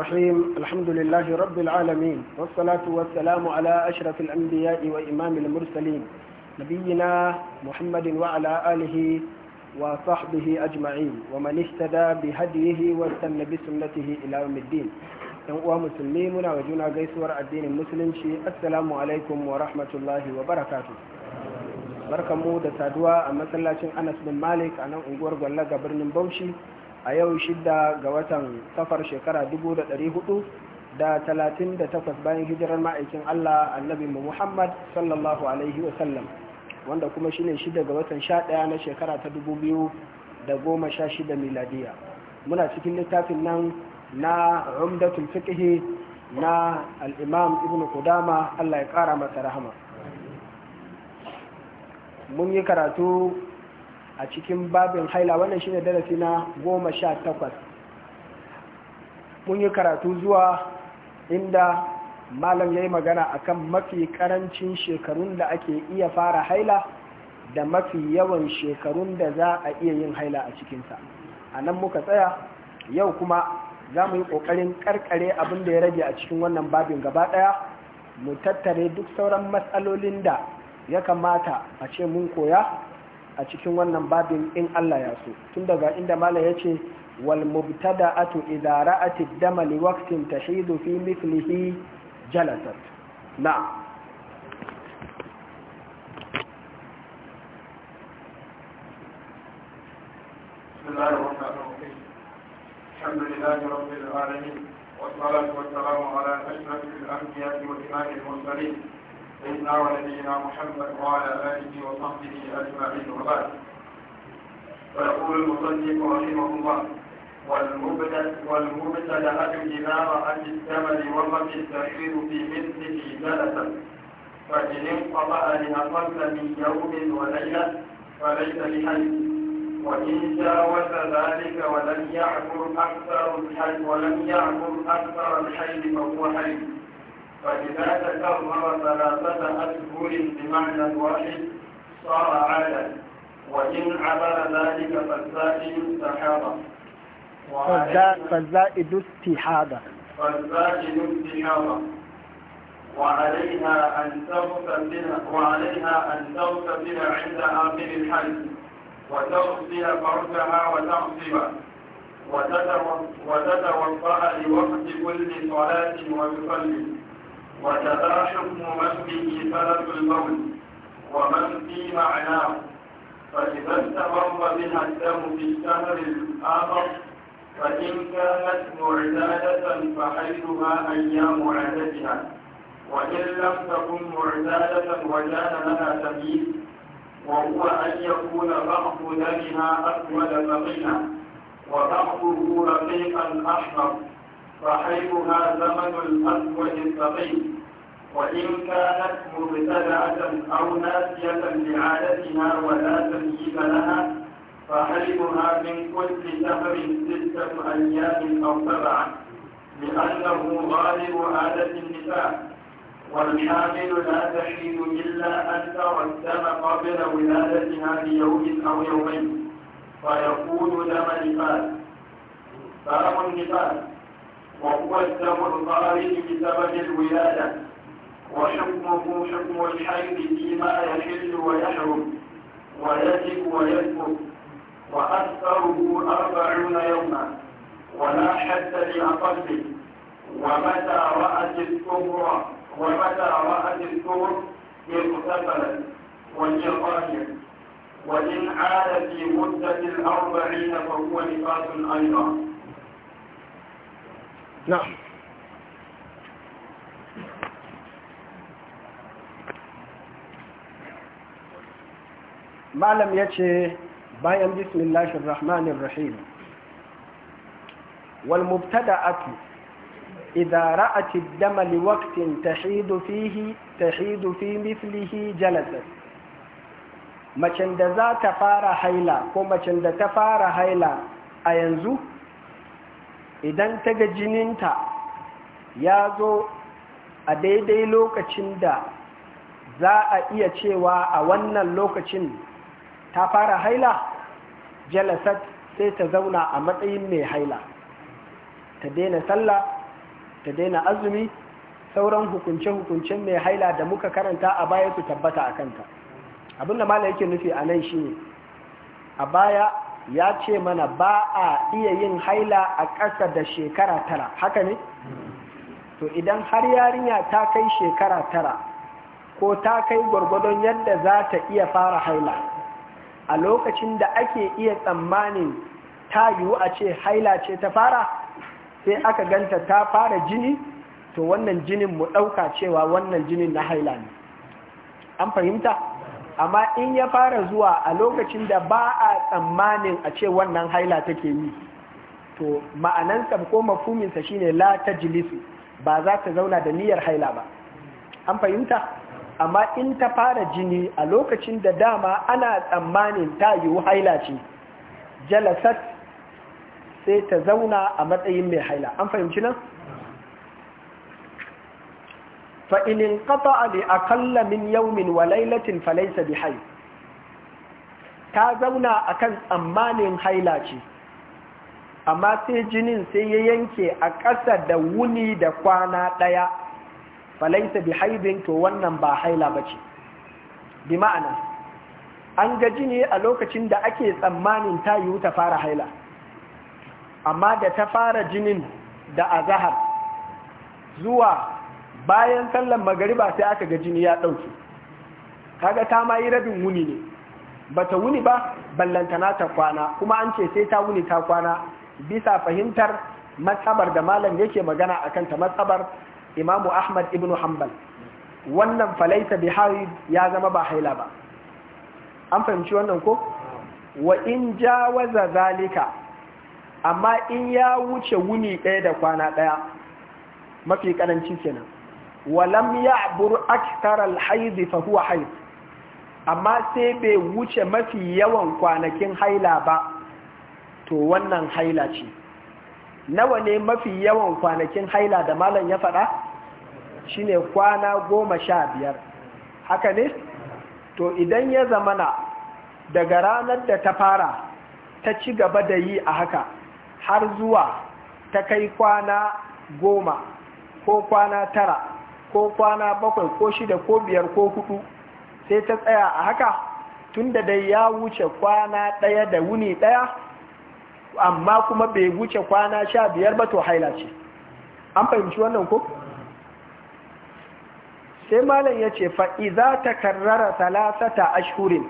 الرحيم الحمد لله رب العالمين والصلاة والسلام على أشرف الأنبياء وإمام المرسلين نبينا محمد وعلى آله وصحبه أجمعين ومن اهتدى بهديه واستنى بسنته إلى يوم الدين يوم مسلمين وجنا قيسور الدين المسلم السلام عليكم ورحمة الله وبركاته barkanmu da saduwa a masallacin anas bin malik a nan unguwar gwallaga birnin bauchi a yau shidda ga watan safar shekara da 38 bayan hijirar ma'aikin Allah annabi Muhammad sallallahu alaihi wasallam wanda kuma shine shidda ga watan 11 na shekara ta 2016 miladiya muna cikin littafin nan na umdatul fiqh na al-imam ibn qudama Allah ya kara masa rahama mun yi karatu a cikin babin haila wannan shine darasi na goma sha takwas mun yi karatu zuwa inda malam ya yi magana akan mafi karancin shekarun da ake iya fara haila da mafi yawan shekarun da za a iya yin haila a cikinsa a nan muka tsaya yau kuma za mu yi ƙoƙarin ƙarƙare abin da ya rage a cikin wannan babin gaba ɗaya mu tattare duk sauran matsalolin da ya kamata a ce mun koya a cikin wannan babin in Allah ya so tun daga inda mala ya ce wal mubtada'atu idza ra'ati dama li waqtin tahidu fi mithlihi jalasat na'am الحمد لله رب العالمين والصلاة والسلام على أشرف الأنبياء وإمام المرسلين سيدنا ونبينا محمد وعلى آله وصحبه أجمعين وبعد فيقول المصنف رحمه الله والمبتدا إذا رأت الثمن وقت يستحيل في مثله جلسا فإن انقطع لأقل من يوم وليلة فليس بحج وإن جاوز ذلك ولم يعبر أكثر الحي ولم يعبر أكثر الحي فهو حي فإذا تكرر ثلاثة أشهر بمعنى واحد صار عادا وإن عبر ذلك فالزائد استحاضة فالزائد استحاضة فالزائد استحاضة وعليها أن تغتسل وعليها أن تغتسل عند آخر الحج وتغسل فرجها وتغسل وتتوضأ لوقت كل صلاة ويصلي وكذا حكم من به فلك الموت ومن في معناه فإذا استمر بها الدم في الشهر الآخر فإن كانت معتادة فحيثها أيام عددها وإن لم تكن معتادة وكان لها سبيل وهو أن يكون بعض دمها أسود ثقيلا وبعضه رقيقا أحمر صاحبها زمن الأسود الثقيل وإن كانت مبتدعة أو ناسية لعادتها ولا تمييز لها صاحبها من كل شهر ستة أيام أو سبعة لأنه غالب عادة النساء والحامل لا تحيد إلا أن ترى الدم قبل ولادتها بيوم أو يومين فيكون دم نفاس باب النفاس وهو الدم الخارج بسبب الولادة وحكمه حكم الحيض فيما يحل ويحرم ويجب ويثبت وأكثره أربعون يوما ولا حد لأقله ومتى رأت الكبرى ومتى رأت الكبر اغتسلت وهي وإن عاد في مدة الأربعين فهو نفاس أيضا نعم malam yace bayan bismillahir rahmanir rahim wal mubtada'atu idza ra'at ad-dam li waqtin tahidu fihi tahidu fi mithlihi jalasat macen da za ta fara haila ko macen da ta fara haila a yanzu idan ta ga jininta ya zo a daidai lokacin da za a iya cewa a wannan lokacin ta fara haila jalasat sai ta zauna a matsayin mai haila ta daina sallah ta daina azumi sauran hukunce-hukuncen mai haila da muka karanta a baya su tabbata a kanta abinda mala yake nufi a nan shi a baya ya ce mana ba a iya yin haila a ƙasa da shekara tara haka ne? to idan har yarinya ta kai shekara tara ko ta kai gwargwadon yadda za ta iya fara haila a lokacin da ake iya tsammanin ta yiwu a ce haila ce ta fara sai aka ganta ta fara jini to wannan jinin mu ɗauka cewa wannan jinin na haila ne an fahimta? amma in ya fara zuwa a lokacin da ba a tsammanin a ce wannan haila take yi to ma'anansa ko mafuminsa shine la tajlisu ba za ta zauna da niyyar haila ba an fahimta amma in ta fara jini a lokacin da dama ana tsammanin ta yiwu haila ce jalasat sai ta zauna a matsayin mai haila an fahimci nan fa in inqata li aqalla min yawmin wa laylatin falaysa bi ta zauna akan tsammanin haila ce amma sai jinin sai ya yanke a ƙasa da wuni da kwana ɗaya falaisa bi haibin to wannan ba haila ba ce bi ma'ana an ga jini a lokacin da ake tsammanin ta yiwu ta fara haila amma da ta fara jinin da azahar zuwa bayan sallan magariba sai aka ga jini ya ɗauke kaga ta mayi rabin wuni ne bata wuni ba ballantana ta kwana kuma an ce sai ta wuni ta kwana bisa fahimtar matsabar da malam yake magana a kanta matsabar imamu ahmad ibnu hanbal wannan falaita bihari ya zama ba haila ba an fahimci wannan ko wa in jawaza zalika amma in ya wuce wuni ɗaya da kwana ɗaya mafi ƙaranci kenan walam ya'bur akthar al-hayd fa huwa hayd amma sai bai wuce mafi yawan kwanakin haila ba to wannan haila ce nawa ne mafi yawan kwanakin haila da malam ya faɗa shine kwana goma sha biyar haka ne to idan ya zamana daga ranar da ta fara ta ci gaba da yi a haka har zuwa ta kai kwana goma ko kwana tara ko kwana bakwai ko shida ko biyar ko hudu sai ta tsaya a haka tun da dai ya wuce kwana ɗaya da wuni ɗaya amma kuma bai wuce kwana sha biyar ba to haila ce an fahimci wannan ko? sai malam ya ce fa'iza ta karrara salasata ashurin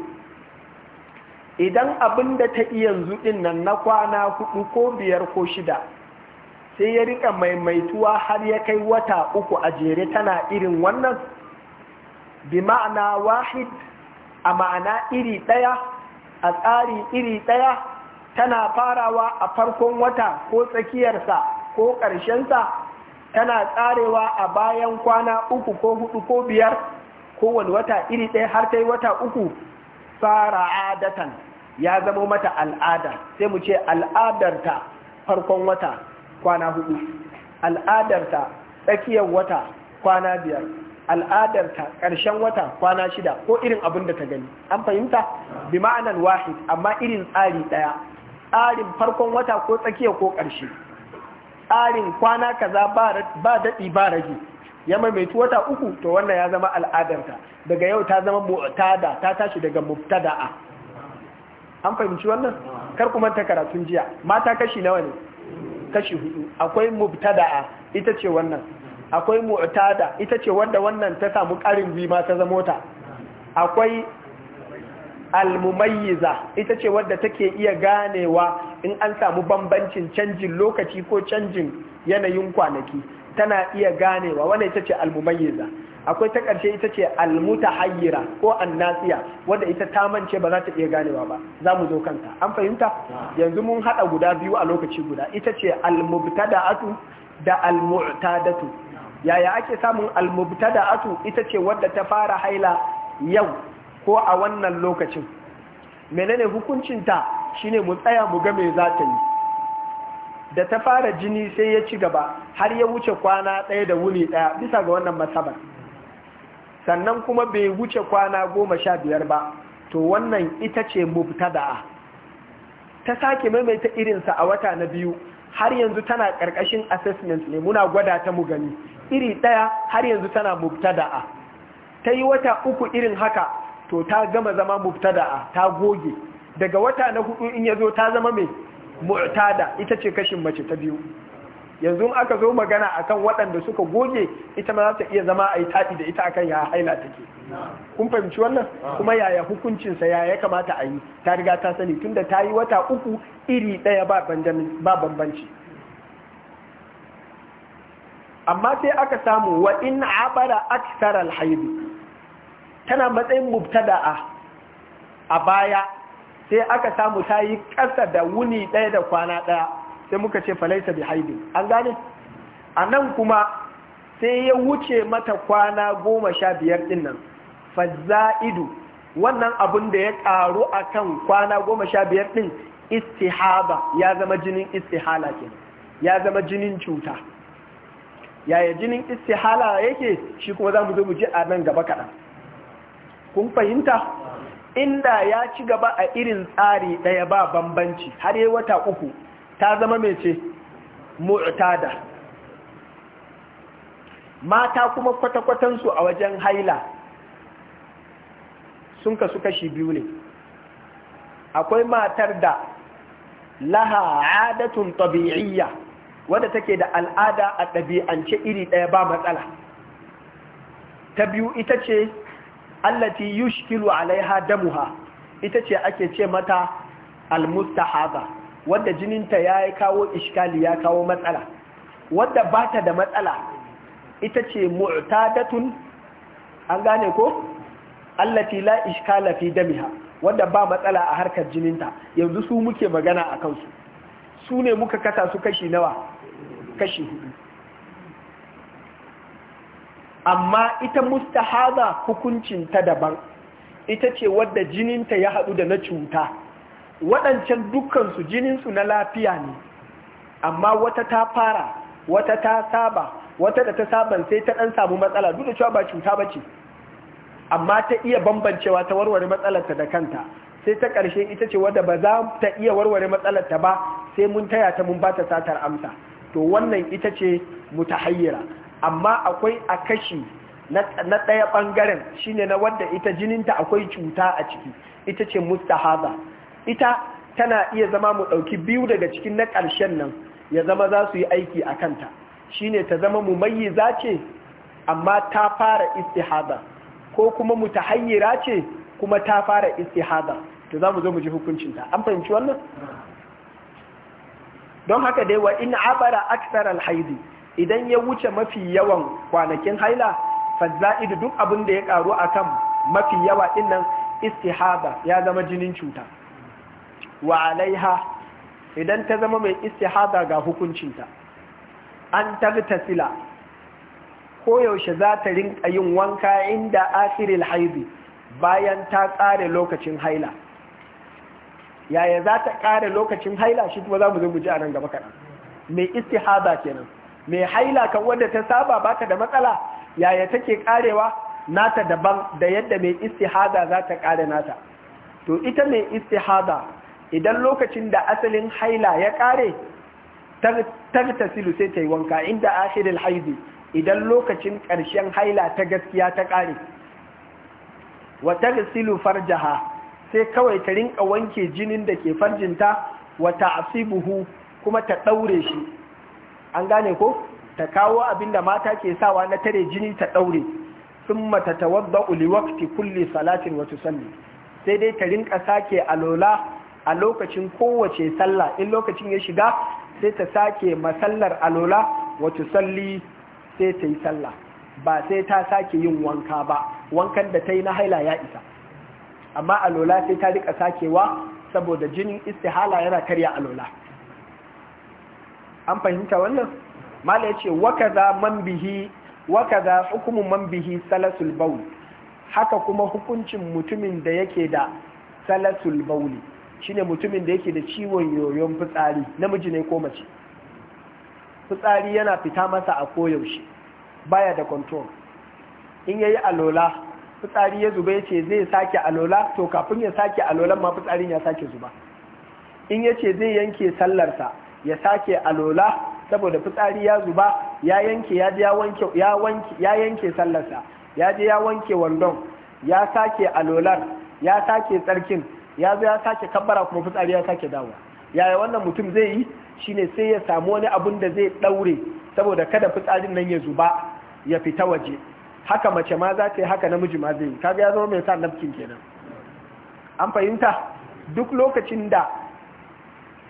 idan abin da ta iya yanzu nan na kwana hudu ko biyar ko shida sai ya rika maimaituwa har ya kai wata uku a jere tana irin wannan bi ma'ana wahid a ma'ana iri ɗaya a tsari iri ɗaya tana farawa a farkon wata ko tsakiyarsa ko ƙarshensa tana tsarewa a bayan kwana uku ko hudu ko biyar kowane wata iri ɗaya har ta yi wata uku fara adatan ya zama mata al'ada sai mu ce al'adarta farkon wata kwana hudu al'adarta tsakiyar wata kwana biyar al'adarta ƙarshen wata kwana shida ko irin abin da ta gani an fahimta bi ma'anan wahid amma irin tsari ɗaya tsarin farkon wata ko tsakiya ko ƙarshe tsarin kwana kaza ba daɗi ba rage ya maimaitu wata uku to wannan ya zama al'adarta daga yau ta zama mu'tada ta tashi daga mubtada'a an fahimci wannan kar ku manta karatun jiya mata kashi nawa ne kashi hudu akwai mubtada'a ita ce wannan akwai mu'tada ita ce wanda wannan ta samu karin bi ta zama ta akwai almumayyiza ita ce wadda take iya ganewa in an samu bambancin canjin lokaci ko canjin yanayin kwanaki tana iya ganewa wannan ita ce almumayyiza akwai ta ƙarshe ita ce almutahayyira ko annasiya wanda ita ta mance ba za ta iya ganewa ba za mu zo kanta an fahimta yanzu mun haɗa guda biyu a lokaci guda ita ce almubtada'atu da almu'tadatu yaya ake samun almubtada'atu ita ce wadda ta fara haila yau ko a wannan lokacin menene hukuncinta shine mu tsaya mu ga me za ta yi da ta fara jini sai ya ci gaba har ya wuce kwana ɗaya da wuni ɗaya bisa ga wannan masabar sannan kuma bai wuce kwana goma sha biyar ba to wannan ita ce mubtada'a ta sake maimaita irinsa a wata na biyu har yanzu tana ƙarƙashin assessment ne muna gwada ta mu gani iri ɗaya har yanzu tana mubtada'a ta yi wata uku irin haka to ta gama zama mubtada'a ta goge daga wata na hudu in ya zo ta zama mai mu'tada ita ce kashin mace ta biyu yanzu aka zo magana akan waɗanda suka goge ita ma za ta iya zama a yi taɗi da ita akan ya haila take kun fahimci wannan kuma yaya hukuncinsa ya ya kamata a yi ta riga ta sani tunda ta yi wata uku iri ɗaya ba bambanci amma sai aka samu wa in abara aksar alhaidu tana matsayin mubtada'a a baya sai aka samu ta yi ƙasa da wuni ɗaya da kwana ɗaya sai muka ce falaisa bi haidi an gane a nan kuma sai ya wuce mata kwana goma sha biyar din nan faza'idu wannan abun da ya ƙaru a kan kwana goma sha biyar din istihaba ya zama jinin istihala ke ya zama jinin cuta yaya jinin istihala yake shi kuma za mu zo mu ji a nan gaba kaɗan kun fahimta inda ya ci gaba a irin tsari ɗaya ba bambanci har yi wata uku ta zama mai ce mu'tada mata kuma kwata su a wajen haila sun kasu kashi biyu ne akwai matar da laha adatun tabi'iyya wadda take da al'ada a ɗabi'ance iri ɗaya ba matsala ta biyu ita ce allati yushkilu alaiha damuha ita ce ake ce mata almustahaza wadda jininta ya kawo iskali ya kawo matsala wadda ba ta da matsala ita ce mu'tadatun an gane ko allati la iskala fi damiha wadda ba matsala a harkar jininta yanzu su muke magana a kansu su ne muka kasa su kashi nawa kashi hudu amma ita mustahaza hukuncin ta daban ita ce wadda jininta ya haɗu da na cuta waɗancan dukkansu jininsu na lafiya ne amma wata ta fara wata ta saba wata da ta saban sai ta ɗan samu matsala duk da cewa ba cuta ba ce amma ta iya bambancewa ta warware matsalarta da kanta sai ta ƙarshe ita ce wadda ba za ta iya warware matsalarta ba sai mun taya ta mun bata satar amsa to wannan ita ce mutahayyira amma akwai a kashi na ɗaya ɓangaren shine na wadda ita jininta akwai cuta a ciki ita ce mustahaza ita tana iya zama mu ɗauki biyu daga cikin na ƙarshen nan ya zama za su yi aiki a kanta shi ne ta zama mu za ce amma ta fara istihada ko kuma mu ta hanyira ce kuma ta fara istihada to za mu zo mu ji hukuncinta an fahimci wannan don haka dai wa in abara aksar alhaidi idan ya wuce mafi yawan kwanakin haila fazza'idu duk abin da ya karu akan mafi yawa dinnan istihada ya zama jinin cuta wa alaiha idan ta zama mai istihada ga hukuncinta an tartasila koyaushe za ta rinka yin wanka inda asiril haibi bayan ta ƙare lokacin haila yaya za ta ƙare lokacin haila shi kuma za mu zo a nan gaba kaɗan mai istihada kenan mai haila kan wanda ta saba ta da matsala yaya take ƙarewa nata daban da yadda mai istihada za ta ƙare nata to ita mai istihada idan lokacin da asalin haila ya kare silu sai ta yi wanka inda ashirin haizi idan lokacin ƙarshen haila ta gaskiya ta kare Wata tarsilu farjaha sai kawai ta rinka wanke jinin da ke farjinta wa asibuhu kuma ta ɗaure shi an gane ko ta kawo abin da mata ke sawa na tare jini ta ɗaure thumma tatawadda'u liwaqti kulle salatin wata sannu sai dai ta rinka sake alola a lokacin kowace sallah in lokacin ya shiga sai ta sake masallar alola wato salli sai ta yi sallah ba sai ta sake yin wanka ba wankan da ta yi na haila ya isa amma alola sai ta rika sakewa saboda jinin istihala yana karya alola an fahimta wannan mala ya ce wakaza man bihi man bihi salasul Bauli, haka kuma hukuncin mutumin da yake da salasul bauli shine mutumin da yake da ciwon yoyon fitsari namiji ne ko mace fitsari yana fita masa a koyaushe baya da control in yayi alola fitsari ya zuba yace zai sake alola to kafin ya sake alolan ma fitsarin ya sake zuba in yace zai yanke sallarsa ya sake alola saboda fitsari ya zuba ya yanke ya ya wanke ya wanke ya yanke sallarsa ya je ya wanke wandon ya sake alolar ya sake tsarkin ya zo ya sake kabbara kuma fitsari ya sake dawa. yaya wannan mutum zai yi shine sai ya samu wani abun da zai daure saboda kada fitsarin nan ya zuba ya fita waje haka mace ma za ta yi haka namiji ma zai yi kaga ya zama mai sa nafkin kenan an fahimta duk lokacin da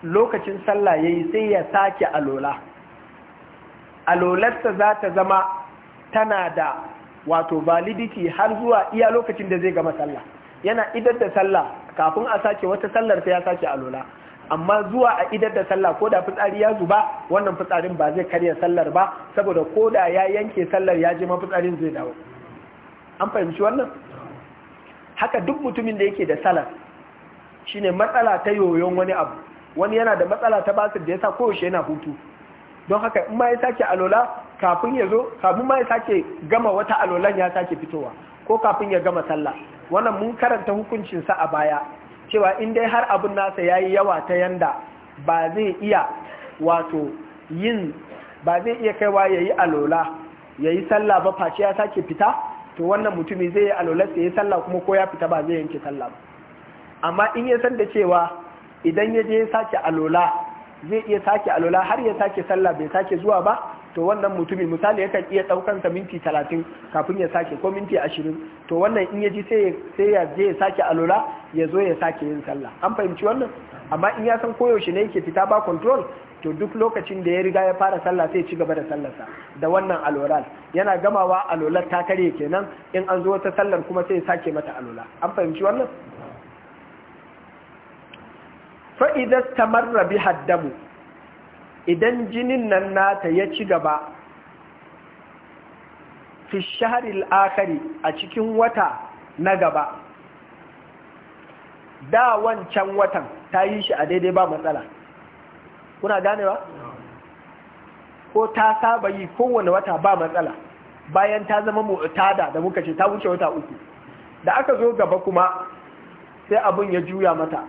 lokacin sallah yayi sai ya sake alola alolarsa za ta zama tana da wato validity har zuwa iya lokacin da zai gama sallah yana idar da sallah kafin a sake wata sallar sai ya sake alola amma zuwa a idar da sallah ko da fitsari ya zuba wannan fitsarin ba zai karya sallar ba saboda ko da ya yanke sallar ya je mafitsarin zai dawo an fahimci wannan haka duk mutumin da yake da salar shine matsala ta yoyon wani abu wani yana da matsala ta basu da yasa koyaushe yana hutu don haka in ma ya sake alola kafin ya zo kafin ma ya sake gama wata alolan ya sake fitowa ko kafin ya gama sallah wannan mun karanta hukuncinsa a baya cewa in dai har abin nasa ya yi yawa ta yanda ba zai iya wato yin ba zai iya kaiwa ya yi alola ya yi sallah ba face ya sake fita to wannan mutumi zai yi alola sai ya yi sallah kuma ko ya fita ba zai yanke sallah ba amma in ya san da cewa idan ya je ya sake alola zai iya sake alola har ya sake sallah bai sake zuwa ba to wannan mutumin misali yakan iya ɗaukan sa minti talatin kafin ya sake ko minti ashirin to wannan in yaji ji sai ya je ya sake alola ya zo ya sake yin sallah an fahimci wannan amma in ya san koyaushe ne yake fita ba control to duk lokacin da ya riga ya fara sallah sai ci gaba da sallarsa da wannan aloral yana gamawa alolar ta kare kenan in an zo wata sallar kuma sai ya sake mata alola an fahimci wannan fa idza tamarra bi idan jinin nan nata ya ci gaba fi shaharil akari a cikin wata na gaba da wancan watan ta yi shi a daidai ba matsala kuna ba? ko ta saba yi kowane wata ba matsala bayan ta zama mu'tada da muka ce ta wuce wata uku da aka zo gaba kuma sai abin ya juya mata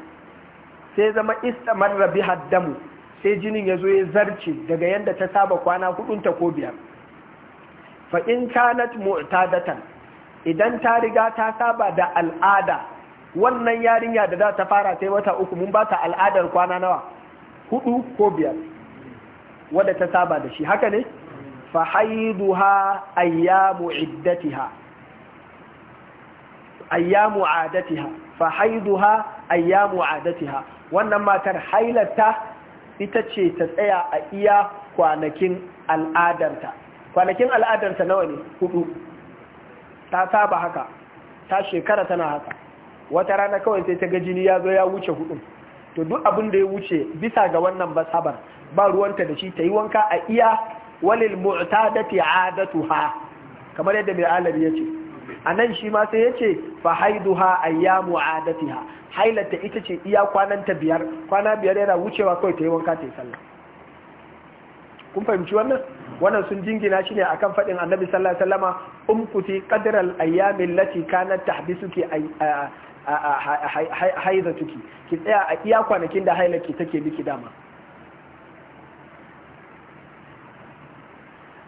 sai zama rabi haddamu. sai jinin ya zo ya zarce daga yadda ta saba kwana hudunta ko biyar fa in kanat mu'tadatan idan ta riga ta saba da al'ada wannan yarinya da za ta fara sai wata uku mun ba ta al'adar kwana nawa hudu ko biyar wadda ta saba da shi haka ne fa haiduha ayyamu iddatiha ayyamu adatiha fa haiduha ayyamu adatiha wannan matar hailarta ita ce ta tsaya a iya kwanakin al'adarta kwanakin al'adarta nawa ne hudu ta saba haka ta shekara tana haka wata rana kawai sai ta ga jini ya zo ya wuce hudu to duk abin da ya wuce bisa ga wannan basabar ba ruwanta da shi ta yi wanka a iya walil mu'tadati adatuha kamar yadda mai alabi ya ce anan shi ma sai yace fa haiduha ayyamu adatiha hailata ita ce iya kwanan ta biyar kwana biyar yana wucewa kawai ta yi wanka ta yi sallah kun fahimci wannan wannan sun jingina shi ne akan faɗin annabi sallallahu alaihi wasallama umkuti qadral ayyamin lati kanat tahbisuki haidatuki ki tsaya a iya kwanakin da hailaki take biki dama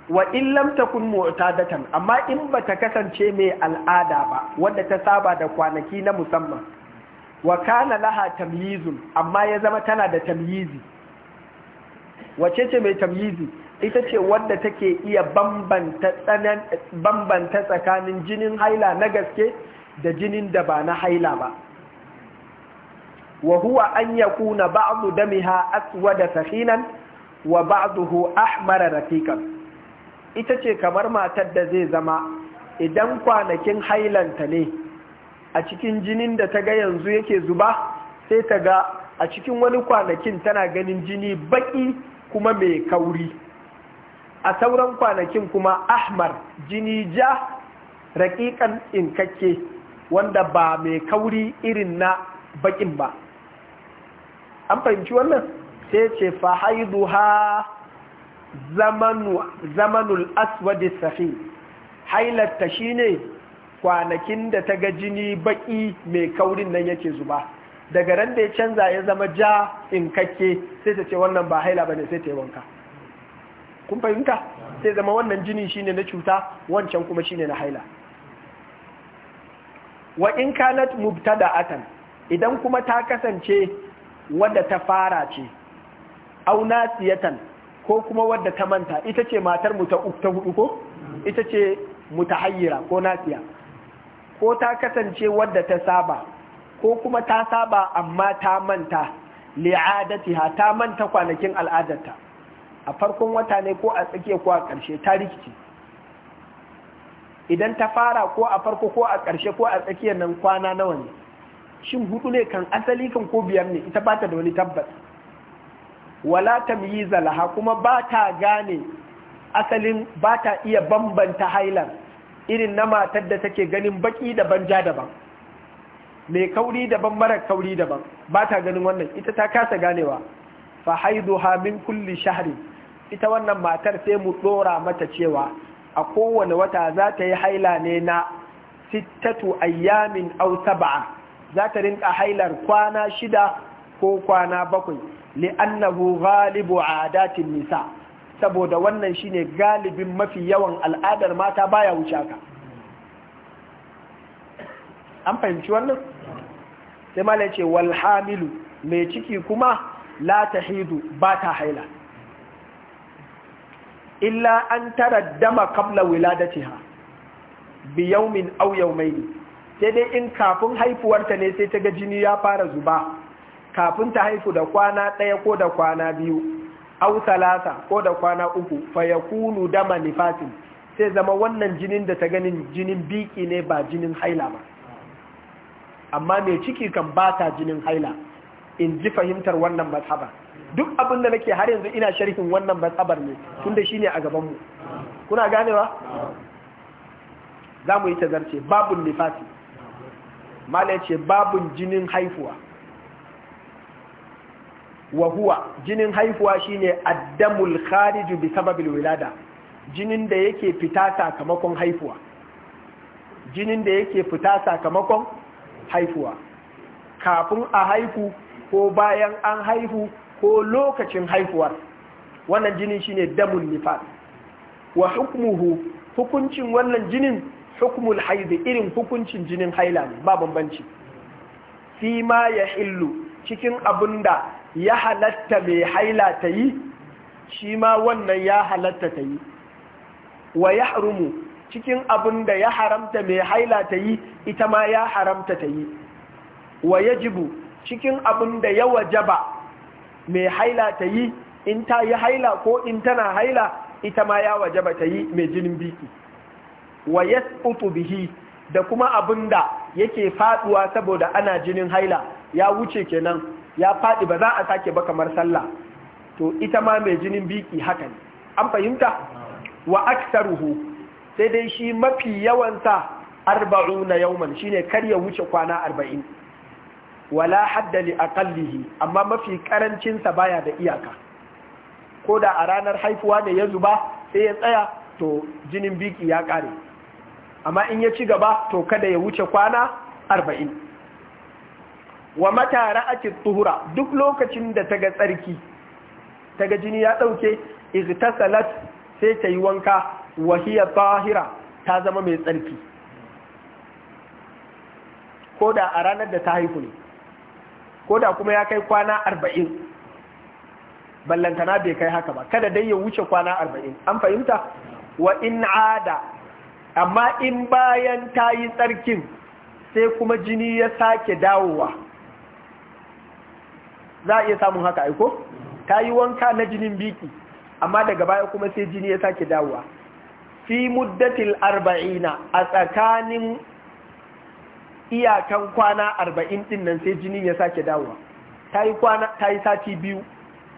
wa in lam takun mu'tadatan amma in bata kasance mai al'ada ba wanda ta saba da kwanaki na musamman wa kana laha tamyizun amma ya zama tana da tamyizi wace ce mai tamyizi ita ce wadda take iya bambanta tsanan bambanta tsakanin jinin haila na gaske da jinin da ba na haila ba wa huwa an yakuna ba'du damiha aswada sahinan wa ba'duhu ahmara rafiqan ita ce kamar matar da zai zama idan kwanakin hailanta ne a cikin jinin da ta ga yanzu yake zuba sai ta ga a cikin wani kwanakin tana ganin jini baki kuma mai kauri a sauran kwanakin kuma ahmar jini ja raƙiƙan tsinkakke wanda ba mai kauri irin na bakin ba an fahimci wannan sai ce fa ha. zamanul aswadi sahi hailarta shi ne kwanakin da ta ga jini baƙi mai kaurin nan yake zuba daga ran da ya canza ya zama ja in kake sai ta ce wannan ba haila bane sai ta yi wanka kun fahimta sai zama wannan jini shine na cuta wancan kuma shine na haila wa in kanat mubtada'atan idan kuma ta kasance wadda ta fara ce auna siyatan ko kuma wadda ta manta ita ce matar mu ta ta hudu ko ita ce mutahayyira ko nasiya ko ta kasance wadda ta saba ko kuma ta saba amma ta manta li'adatiha ta manta kwanakin al'adarta a farkon wata ne ko a tsakiya ko a ƙarshe ta rikici idan ta fara ko a farko ko a ƙarshe ko a tsakiyar nan kwana nawa ne shin hudu ne kan asali kan ko biyar ne ita ba ta da wani tabbas wala tamyiza laha kuma ba ta gane asalin ba ta iya bambanta hailar irin na matar da take ganin baki daban ja daban mai kauri daban marar kauri daban ba ta ganin wannan ita ta kasa ganewa fa haiduha min kulli shahri ita wannan matar sai mu dora mata cewa a kowane wata za ta yi haila ne na sittatu ayyamin aw sab'a za ta rinka hailar kwana shida ko kwana bakwai li'annahu ghalibu adatin nisa saboda wannan shine galibin mafi yawan al'adar mata baya wuce ka an fahimci wannan sai malai ce wal hamilu mai ciki kuma la tahidu ba ta haila illa an taraddama qabla wiladatiha bi yawmin aw yawmayn sai dai in kafin haifuwarta ne sai ta ga jini ya fara zuba kafin ta haifu da kwana ɗaya ko da kwana biyu au talata ko da kwana uku fa ya kunu dama nifasin sai zama wannan jinin da ta ganin jinin biki ne ba jinin haila ba amma mai ciki kan ba ta jinin haila in ji fahimtar wannan mazhaba duk abin da nake har yanzu ina sharhin wannan matsabar ne tunda ne a gabanmu. kuna ganewa za mu yi tazarce babun nifasi mala ce babun jinin haifuwa wa huwa jinin haifuwa shine addamul khariju bi sababil wilada jinin da yake fita sakamakon haifuwa jinin da yake fita sakamakon haifuwa kafin a haifu ko bayan an haifu ko lokacin haifuwar wannan jinin shine damul nifas wa hukmuhu hukuncin wannan jinin hukmul haidi irin hukuncin jinin haila ne ba bambanci fi ma ya hillu cikin abin da ya halatta mai haila ta yi shi ma wannan ya halatta ta yi wa ya harumu cikin abin da ya haramta mai haila ta yi ita ma ya haramta ta yi wa ya jibu cikin abin da ya wajaba mai haila ta yi in ta yi haila ko in tana haila ita ma ya wajaba ta yi mai jinin biki wa ya bihi da kuma abin da yake faduwa saboda ana jinin haila ya wuce kenan ya fadi ba za a sake ba kamar sallah to ita ma mai jinin biki haka ne an fahimta wa aktaruhu sai dai shi mafi yawansa arba'una yawman shine kar ya wuce kwana arba'in wala hadda li aqallihi amma mafi karancin sa baya da iyaka ko da a ranar haifuwa ne ya zuba sai ya tsaya to jinin biki ya kare amma in ya ci gaba to kada ya wuce kwana arba'in wa mata ake tuhura duk lokacin da ta ga tsarki ta ga jini ya ɗauke igtasalat sai ta yi wanka wa hiya tahira ta zama mai tsarki ko da a ranar da ta haihu ne ko da kuma ya kai kwana arba'in ballantana bai kai haka ba kada dai ya wuce kwana arba'in an fahimta wa in ada amma in bayan ta yi tsarkin sai kuma jini ya sake dawowa za a iya samun haka aiko ta yi wanka na jinin biki amma daga baya kuma sai jini ya sake dawowa fi muddatil arba'ina a tsakanin iyakan kwana arba'in din nan sai jinin ya sake dawowa ta yi kwana ta yi sati biyu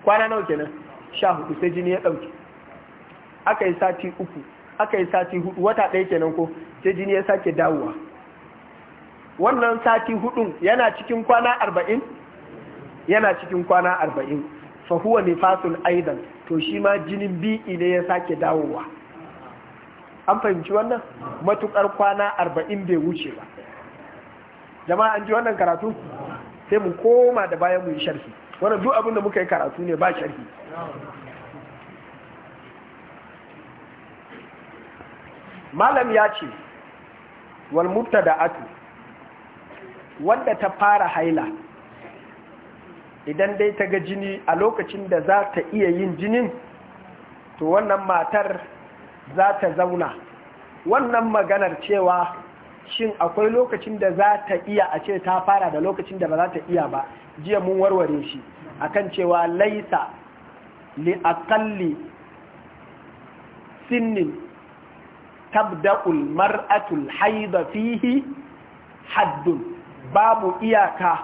kwana nawa kenan sha hudu sai jini ya ɗauki. aka yi sati uku aka yi sati hudu wata ɗaya kenan ko sai jini ya sake dawowa wannan sati hudun yana cikin kwana arba'in yana cikin kwana arba'in Fahuwa ne nifasun aidan to shi ma jinin bi'i ne ya sake dawowa an fahimci wannan matukar kwana arba'in bai wuce ba jama'a an ji wannan karatu sai mu koma da bayan mu yi sharhi wannan duk abin da muka yi karatu ne ba sharhi malam ya ce wal mubtada'atu wanda ta fara haila idan dai ta ga jini a lokacin da za ta iya yin jinin to wannan matar za ta zauna wannan maganar cewa shin akwai lokacin da za ta iya a ce ta fara da lokacin da ba za ta iya ba jiya mun warware shi akan cewa laisa li aqalli sinnin tabda'ul mar'atul haida fihi haddun babu iyaka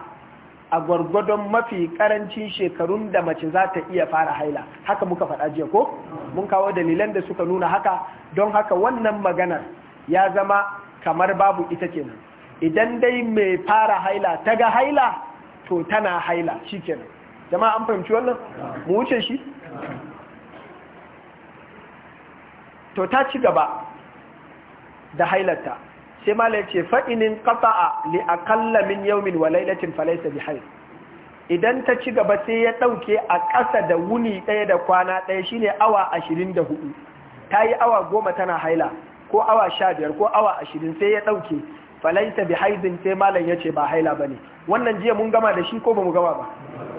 a gwargwadon mafi karancin shekarun da mace za ta iya fara haila haka muka faɗa jiya ko mun kawo dalilan da suka nuna haka don haka wannan maganar ya zama kamar babu ita kenan idan dai mai fara haila ta ga haila to tana haila shikenan jama'a an fahimci wannan mu wuce shi to ta ci gaba da hailata sai mala ya ce fa'inin qata'a a aqalla min yaumin wa lailatin falaisa bi hail idan ta ci gaba sai ya ɗauke a ƙasa da wuni ɗaya da kwana ɗaya shine awa ashirin da hudu. ta yi awa goma tana haila ko awa sha biyar ko awa ashirin sai ya ɗauke falaisa bi haizin sai malam ya ce ba haila ba ne wannan jiya mun gama da shi ko ba mu gama ba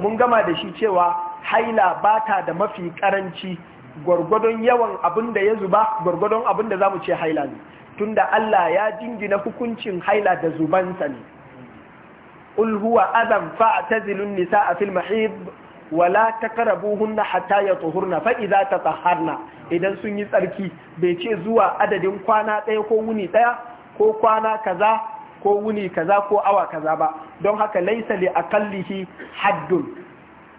mun gama da shi cewa haila ba ta da mafi karanci gwargwadon yawan abin da ya zuba gwargwadon abin da za mu ce haila ne tunda Allah ya jingina hukuncin haila da zubansa ne qul huwa adam nisa a fil mahid wala taqrabuhunna hatta fa’i za ta tsaharna idan sun yi tsarki bai ce zuwa adadin kwana ɗaya ko wuni ɗaya ko kwana kaza ko wuni kaza ko awa kaza ba don haka laisa a kallihi haddun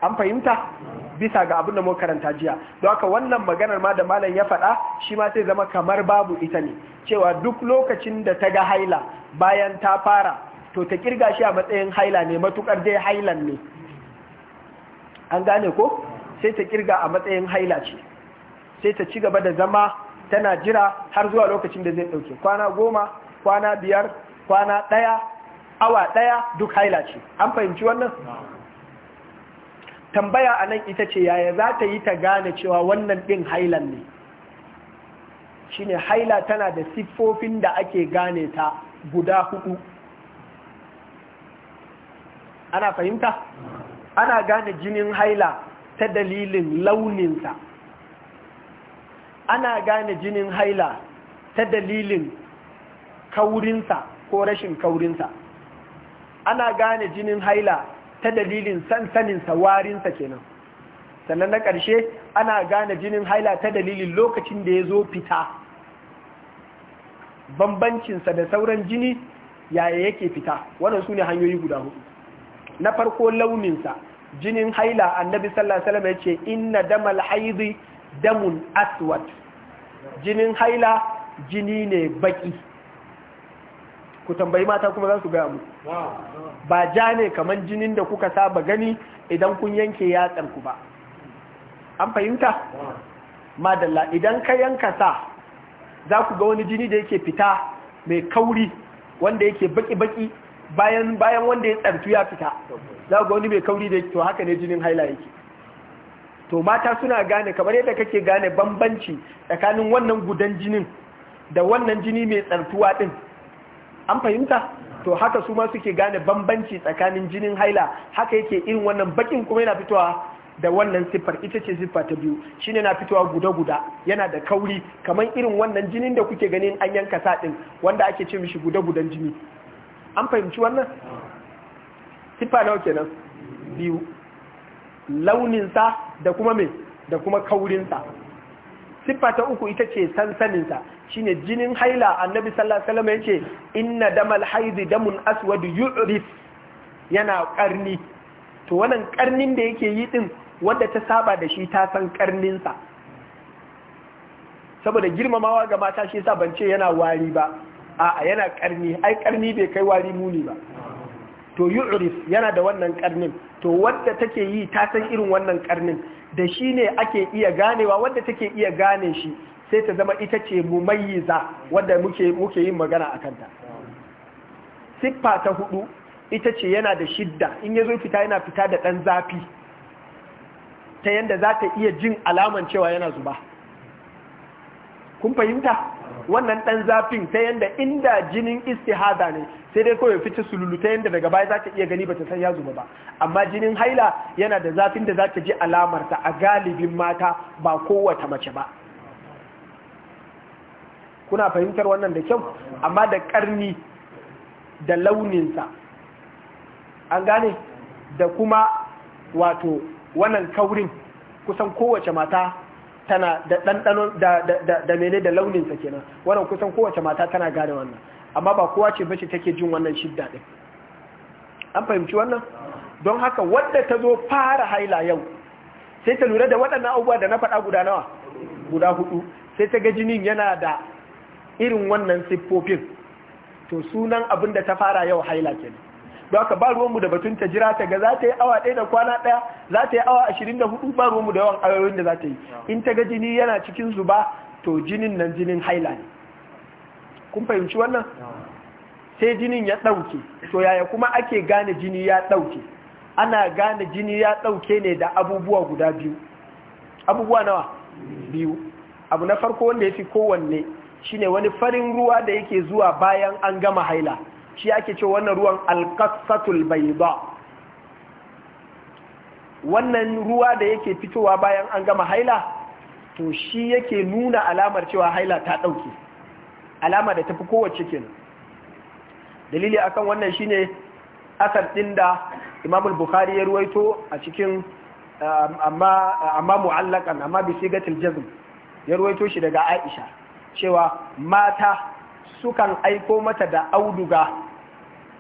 an fahimta bisa ga abin da mu karanta jiya don haka wannan maganar ma da malam ya faɗa shi ma sai zama kamar babu ita ne cewa duk lokacin da ta ga haila bayan ta fara to ta kirga shi a matsayin haila ne matukar dai hailan ne an gane ko sai ta kirga a matsayin haila ce sai ta ci gaba da zama tana jira har zuwa lokacin da zai ɗauke kwana goma kwana biyar kwana ɗaya awa ɗaya duk haila ce an fahimci wannan tambaya a nan ita ce yaya za ta yi ta gane cewa wannan ɗin hailan ne Shin haila tana da siffofin da ake gane ta guda hudu ana fahimta ana gane jinin haila ta dalilin launinsa ana gane jinin haila ta dalilin kaurinsa ko rashin kaurinsa ana gane jinin haila ta dalilin sansaninsa warinsa kenan sannan na ƙarshe ana gane jinin haila ta dalilin lokacin da ya zo fita bambancinsa da sauran jini yaya yake fita wannan su ne hanyoyi guda hudu na farko launinsa jinin haila annabi sallallahu alaihi wasallam yace inna damal haidi damun aswad jinin haila jini ne baki ku tambayi mata kuma za su gaya mu ba ja ne kamar jinin da kuka saba gani idan kun yanke yatsar ku ba an fahimta madalla idan ka yanka sa za ku ga wani jini da yake fita mai kauri wanda yake baki-baki bayan bayan wanda ya tsartu ya fita za ku ga wani mai kauri da to haka ne jinin haila yake to mata suna gane kamar yadda kake gane bambanci tsakanin wannan gudan jinin da wannan jini mai tsartuwa din an fahimta to haka su ma suke gane bambanci tsakanin jinin haila haka yake irin wannan bakin kuma yana fitowa da wannan siffar ita ce siffa ta biyu shi na fitowa guda-guda yana da kauri kamar irin wannan jinin da kuke ganin an yanka saɗin wanda ake ce mishi guda-gudan jini an fahimci wannan siffa nawa kenan biyu launinsa da kuma me da kuma kaurinsa siffa ta uku ita ce sansaninsa shine jinin haila annabi sallallahu alaihi wasallam yace inna damal haidi damun aswad yu'rif yana karni to wannan karnin da yake yi din wanda ta saba da shi ta san karninsa saboda girmamawa ga mata shi yasa ban ce yana wari ba a'a yana karni ai karni bai kai wari muni ba to yu'rif yana da wannan karnin to wadda take yi ta san irin wannan karnin da shi ne ake iya ganewa wadda take iya gane shi sai ta zama ita ce mumayyiza wadda muke yin magana a kanta siffa ta hudu ita ce yana da shidda in ya zo fita yana fita da ɗan zafi ta yanda za ta iya jin alaman cewa yana zuba kun fahimta wannan ɗan zafin ta yanda inda jinin istihada ne sai dai kawai fita sululu ta yanda daga baya za ta iya gani ba ta san ya zuba ba amma jinin haila yana da zafin da za ta ji alamarta a galibin mata ba kowace mace ba kuna fahimtar wannan da kyau amma da ƙarni da launinsa an gane da kuma wato wannan kaurin kusan kowace mata tana da ɗanɗano da mene da launinsa kenan wannan kusan kowace mata tana gane wannan amma ba kowa ce bace take jin wannan shidda ɗin an fahimci wannan don haka wanda ta zo fara haila yau sai ta lura da waɗannan abubuwa da na faɗa guda nawa guda hudu sai ta ga jinin yana da irin wannan siffofin to sunan abin da ta fara yau haila kenan don haka ba ruwanmu da batun ta jira ta ga za ta yi awa ɗaya da kwana ɗaya za ta yi awa ashirin da hudu ba ruwanmu da yawan ayoyin da za ta yi in ta ga jini yana cikin zuba to jinin nan jinin haila ne kun fahimci wannan sai jinin ya ɗauke to yaya kuma ake gane jini ya ɗauke ana gane jini ya ɗauke ne da abubuwa guda biyu abubuwa nawa biyu abu na farko wanda ya fi kowanne shine wani farin ruwa da yake zuwa bayan an gama haila shi ake ce wannan ruwan bai ba wannan ruwa da yake fitowa bayan an gama haila to shi yake nuna alamar cewa haila ta ɗauke alama da tafi kowace cikin dalili akan wannan shine asar ɗin da imamul bukhari ya ruwaito a cikin um, amma mu'allakan amma bisigatul jazm ya ruwaito shi daga aisha cewa mata sukan aiko mata da auduga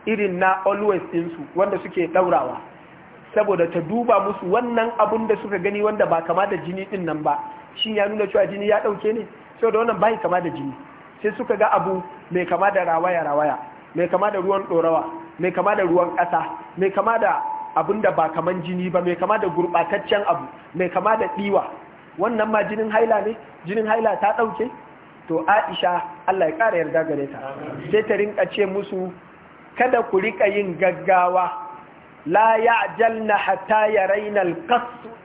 irin na always ɗinsu wanda suke daurawa. saboda ta duba musu wannan abun da suka gani wanda ba kama da jini dinnan nan ba shin ya nuna cewa jini ya dauke ne saboda wannan bai kama da jini sai suka ga abu mai kama da rawaya rawaya mai kama da ruwan dorawa, mai kama da ruwan ƙasa mai kama da abun da ba kaman jini ba mai kama da gurɓataccen abu mai kama da ɗiwa wannan ma jinin haila ne jinin haila ta ɗauke to aisha Allah ya ƙara yarda gare ta sai ta rinka ce musu kada ku rika yin gaggawa la ya'jalna hatta yarayna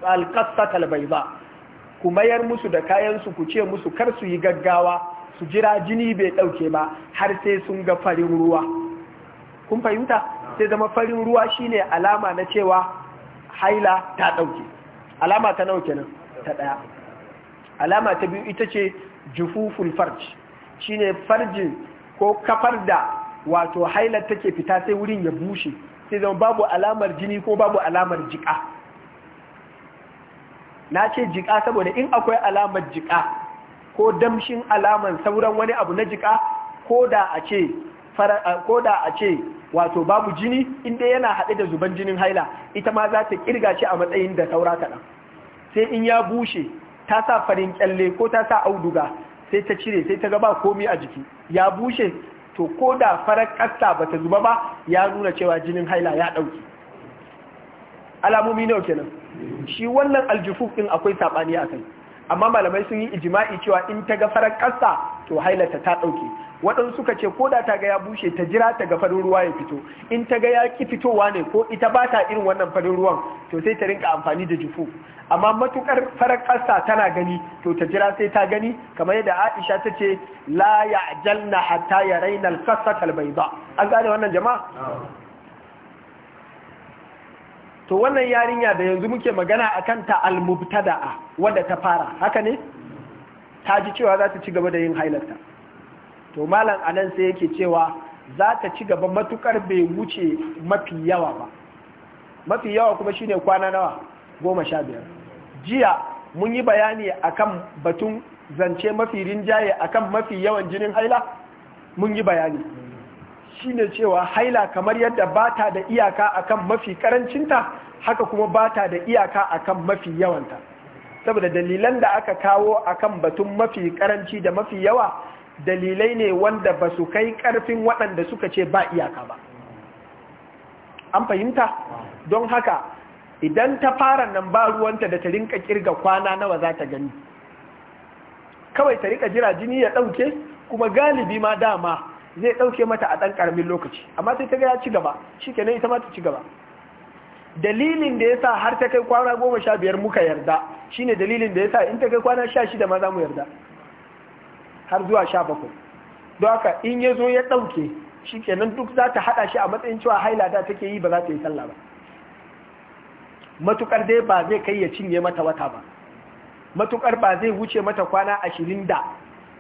al-qassata al-bayda ku mayar musu da kayan su ku ce musu kar su yi gaggawa su jira jini bai dauke ba har sai sun ga farin ruwa kun fahimta sai zama farin ruwa shine alama na cewa haila ta dauke alama ta nawa kenan ta daya alama ta biyu ita ce jufuful shi shine farjin ko kafar da wato hailar take fita sai wurin ya bushe sai zama babu alamar jini ko babu alamar jika na ce jika saboda in akwai alamar jika ko damshin alamar sauran wani abu na jika ko da a ce wato babu jini inda yana haɗe da zuban jinin haila ita ma za ta ƙirga shi a matsayin da saura kaɗan sai in ya bushe ta sa farin kyalle ko ta sa auduga sai ta cire sai ta gaba ba komai a jiki ya bushe to ko da farar kasta ba ta zuba ba ya nuna cewa jinin haila ya ɗauki alamomi nawa kenan shi wannan aljufuf ɗin akwai saɓani a kai amma malamai sun yi ijima'i cewa in ta ga farar ƙasa to hailata ta ɗauke waɗansu suka ce ko da ta ga ya bushe ta jira ta ga farin ruwa ya fito in ta ga ya ki fitowa ne ko ita ba ta irin wannan farin ruwan to sai ta rinka amfani da jufu amma matukar farar kasa tana gani to ta jira sai ta gani kamar yadda Aisha ta ce la ya'jalna hatta yarayna al-qasata al-bayda an gane wannan jama'a to wannan yarinya da yanzu muke magana a kanta almubtada'a wadda ta fara haka ne ta ji cewa za ta ci gaba da yin hailarta to malam anan sai yake cewa za ta ci gaba matukar bai wuce mafi yawa ba mafi yawa kuma shine kwana nawa goma sha biyar jiya mun yi bayani a kan batun zance mafi rinjaye a kan mafi yawan jinin haila mun yi bayani Shi ne cewa haila kamar yadda ba ta da iyaka akan mafi karancinta haka kuma bata da iyaka akan mafi yawanta saboda dalilan da aka kawo akan batun mafi karanci da mafi yawa dalilai ne wanda ba su kai karfin waɗanda suka ce ba iyaka ba an fahimta don haka idan ta fara nan ba ruwanta da ta rinka kirga kwana nawa za ta gani kawai ta rika jira jini ya ɗauke kuma galibi ma dama zai ɗauke mata a ɗan ƙaramin lokaci amma sai ta ga ya ci gaba shi ita ma ta ci gaba dalilin da ya sa har ta kai kwana goma sha biyar muka yarda shi ne dalilin da ya sa in ta kai kwana sha shida ma za mu yarda har zuwa sha bakwai don haka in ya zo ya ɗauke shi kenan duk za ta haɗa shi a matsayin cewa haila ta take yi ba za ta yi sallah ba matukar dai ba zai kai ya cinye mata wata ba matukar ba zai wuce mata kwana ashirin da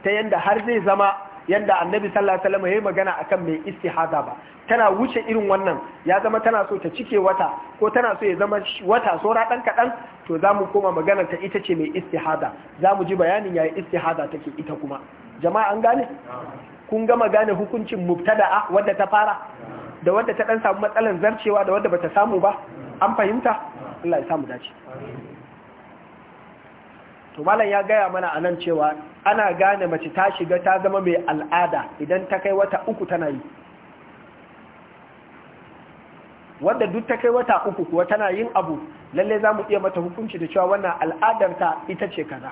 ta yanda har zai zama yadda annabi sallallahu alaihi wasallam yayi magana akan mai istihaza ba tana wuce irin wannan ya zama tana so ta cike wata ko tana so ya zama wata saura dan kadan to zamu koma magana ta ita ce mai istihada zamu ji bayanin yayi istihada take ita kuma jama'a an gane kun gama gane hukuncin mubtada'a wadda ta fara da wadda ta dan samu matsalan zarcewa da wadda bata samu ba an fahimta Allah ya samu dace to malam ya gaya mana a nan cewa ana gane mace ta shiga ta zama mai al'ada idan ta kai wata uku tana yi wanda duk ta kai wata uku kuwa tana yin abu lalle za mu iya mata hukunci da cewa wannan al'adarta ita ce kaza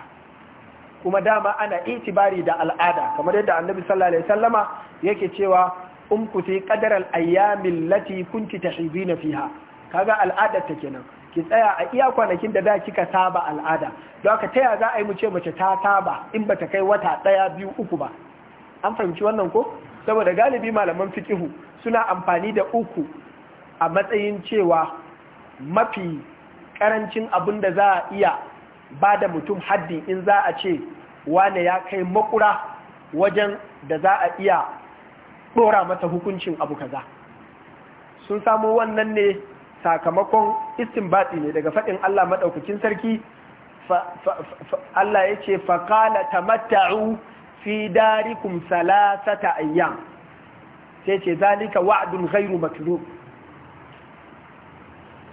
kuma dama ana itibari da al'ada kamar yadda annabi sallallahu alaihi wasallama yake cewa umkuti qadar al ayyamin allati kunti tahibina fiha kaga al'adar ta kenan ki tsaya a iya kwanakin da da kika saba al'ada don haka taya za a yi muce mace ta saba in ba ta kai wata ɗaya biyu uku ba an fahimci wannan ko saboda galibi malaman fikihu suna amfani da uku a matsayin cewa mafi karancin abin da za a iya ba da mutum haddi in za a ce wane ya kai makura wajen da za a iya ɗora masa hukuncin abu kaza sun samu wannan ne sakamakon istinbati ne daga faɗin Allah maɗaukakin sarki Allah ya ce faƙala mata’u fi salasa ta ayyan, sai ce zalika gairu ghairu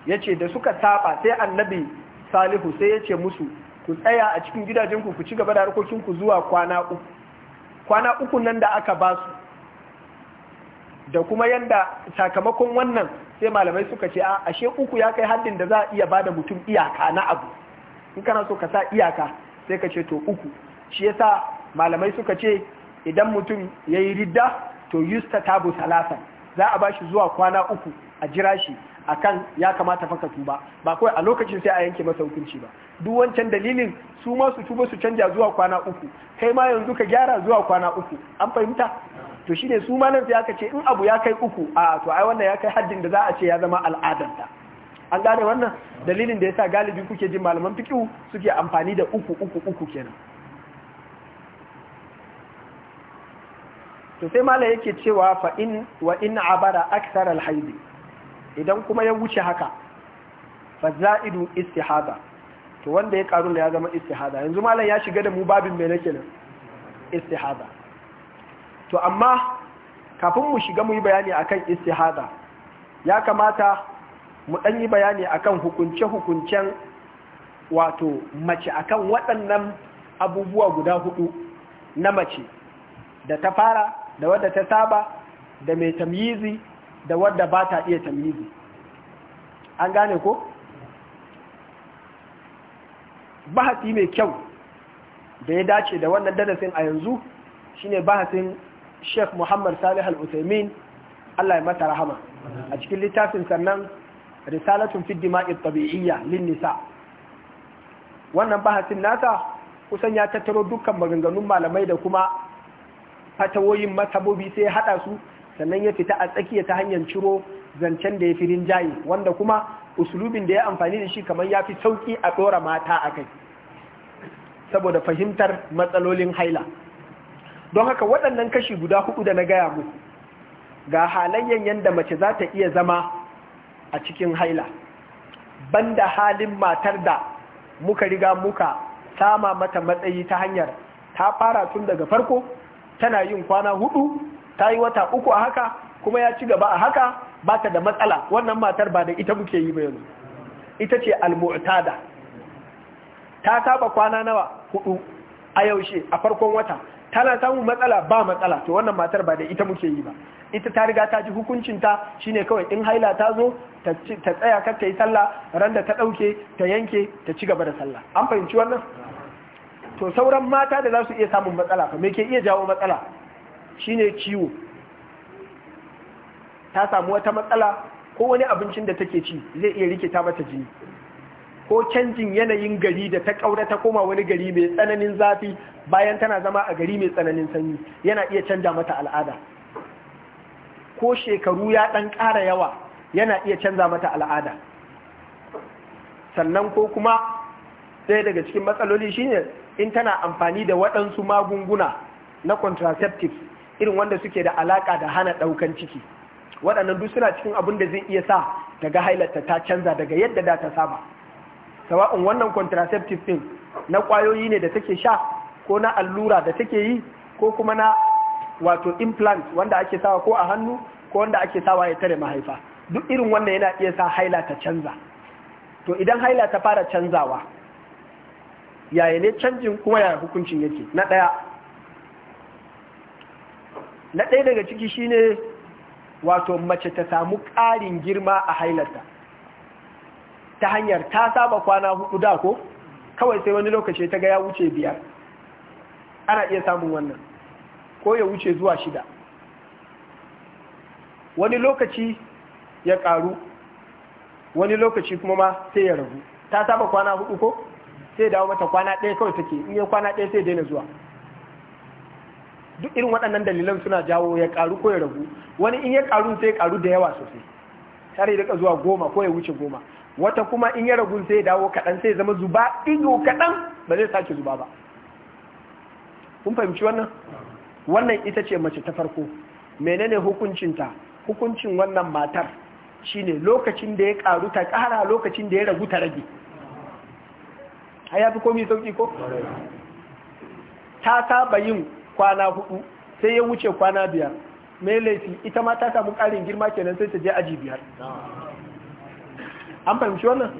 Ya ce da suka saba sai annabi salihu sai yace musu ku tsaya a cikin gidajenku ku ci gaba da harkokinku zuwa kwana uku kwana uku nan da aka ba su da kuma yanda sakamakon wannan sai malamai suka ce a ashe uku ya kai haddin da za a iya da mutum iyaka na abu in kana so ka sa iyaka sai ka ce to uku shi ya sa malamai suka ce idan mutum ya yi ridda to yusta tabu salasan za a ba shi zuwa kwana uku a jira shi a kan ya kamata faka tuba ba kawai a lokacin sai a yanke masa hukunci ba duk wancan dalilin su ma su tuba su canja zuwa kwana uku kai ma yanzu ka gyara zuwa kwana uku an fahimta to shine su malam sai aka ce in abu ya kai uku a to ai wannan ya kai haddin da za a ce ya zama al'adanta an gane wannan dalilin da ya sa galibi kuke jin malaman fiqh suke amfani da uku uku uku kenan to sai malam yake cewa fa in wa in abara akthar al idan kuma ya wuce haka fa za'idu istihada to wanda ya karu da ya zama istihada yanzu malam ya shiga da mu babin me nake nan istihada to amma kafin mu shiga mu yi bayani akan istihada ya kamata mu ɗan yi bayani akan hukunce-hukuncen wato mace akan waɗannan abubuwa guda hudu na mace da ta fara da wadda ta saba da mai tamyizi da wadda ba ta iya tamyizi an gane ko? bahasi mai kyau da ya dace da wannan darasin a yanzu shine bahasin Sheikh Muhammad Salih al uthaymeen Allah ya mata rahama a cikin littafin sannan risalatun fi dima'i tabi'iyya lin nisa wannan bahasin nasa kusan ya tattaro dukkan maganganun malamai da kuma fatawoyin matabobi sai ya hada su sannan ya fita a tsakiya ta hanyar ciro zancen da ya fi rinjaye wanda kuma usulubin da ya amfani da shi kamar ya fi sauki a ɗora mata a kai saboda fahimtar matsalolin haila don haka waɗannan kashi guda hudu da na gaya mu ga halayyan yadda mace za ta iya zama a cikin haila banda halin matar da muka riga muka sama mata matsayi ta hanyar ta fara tun daga farko tana yin kwana hudu ta yi wata uku a haka kuma ya ci gaba a haka ba ta da matsala wannan matar ba da ita muke yi ba yanzu ita ce almu'tada ta saba kwana nawa hudu a yaushe a farkon wata tana samun matsala ba matsala to wannan matar ba da ita muke yi ba ita ta riga ta ji hukuncinta shine kawai in haila ta zo ta tsaya kar ta yi sallah ran da ta ɗauke ta yanke ta ci gaba da sallah an fahimci wannan to sauran mata da za su iya samun matsala fa me ke iya jawo matsala shine ciwo ta samu wata matsala ko wani abincin da take ci zai iya ta mata jini ko canjin yanayin gari da ta ƙaura ta koma wani gari mai tsananin zafi bayan tana zama a gari mai tsananin sanyi yana iya canja mata al'ada ko shekaru ya ɗan ƙara yawa yana iya canza mata al'ada sannan ko kuma sai daga cikin matsaloli shine in tana amfani da waɗansu magunguna na contraceptives irin wanda suke da alaƙa da hana ɗaukan ciki waɗannan duk suna cikin abin da zai iya sa daga hailarta ta canza daga yadda da ta saba sawa'un wannan contraceptive thing na kwayoyi ne da take sha ko na allura da take yi ko kuma na wato implant wanda ake sawa ko a hannu ko wanda ake sawa ya tare mahaifa duk irin wannan yana iya sa haila ta canza to idan haila ta fara canzawa yaya ne canjin kuma ya hukuncin yake na ɗaya na ɗaya daga ciki shine wato mace ta samu ƙarin girma a hailarta ta hanyar ta saba kwana hudu da ko kawai sai wani lokaci ta ga ya wuce biyar ana iya samun wannan ko ya wuce zuwa shida wani lokaci ya karu wani lokaci kuma ma sai ya ragu ta saba kwana hudu ko sai dawo mata kwana ɗaya kawai take in yi kwana ɗaya sai daina zuwa duk irin waɗannan dalilan suna jawo ya karu ko ya ragu wani in ya karu sai ya karu da yawa sosai tare da zuwa goma ko ya wuce goma wata kuma in ya ragu sai dawo kaɗan sai zama zuba ido kaɗan ba zai sake zuba ba kun fahimci wannan wannan ita ce mace ta farko menene hukuncinta hukuncin wannan matar shine lokacin da ya ƙaru ta ƙara lokacin da ya ragu ta rage a ya fi komi sauƙi ko ta saba yin kwana hudu sai ya wuce kwana biyar mai laifi ita ma ta samu ƙarin girma kenan sai ta je aji biyar an fahimci wannan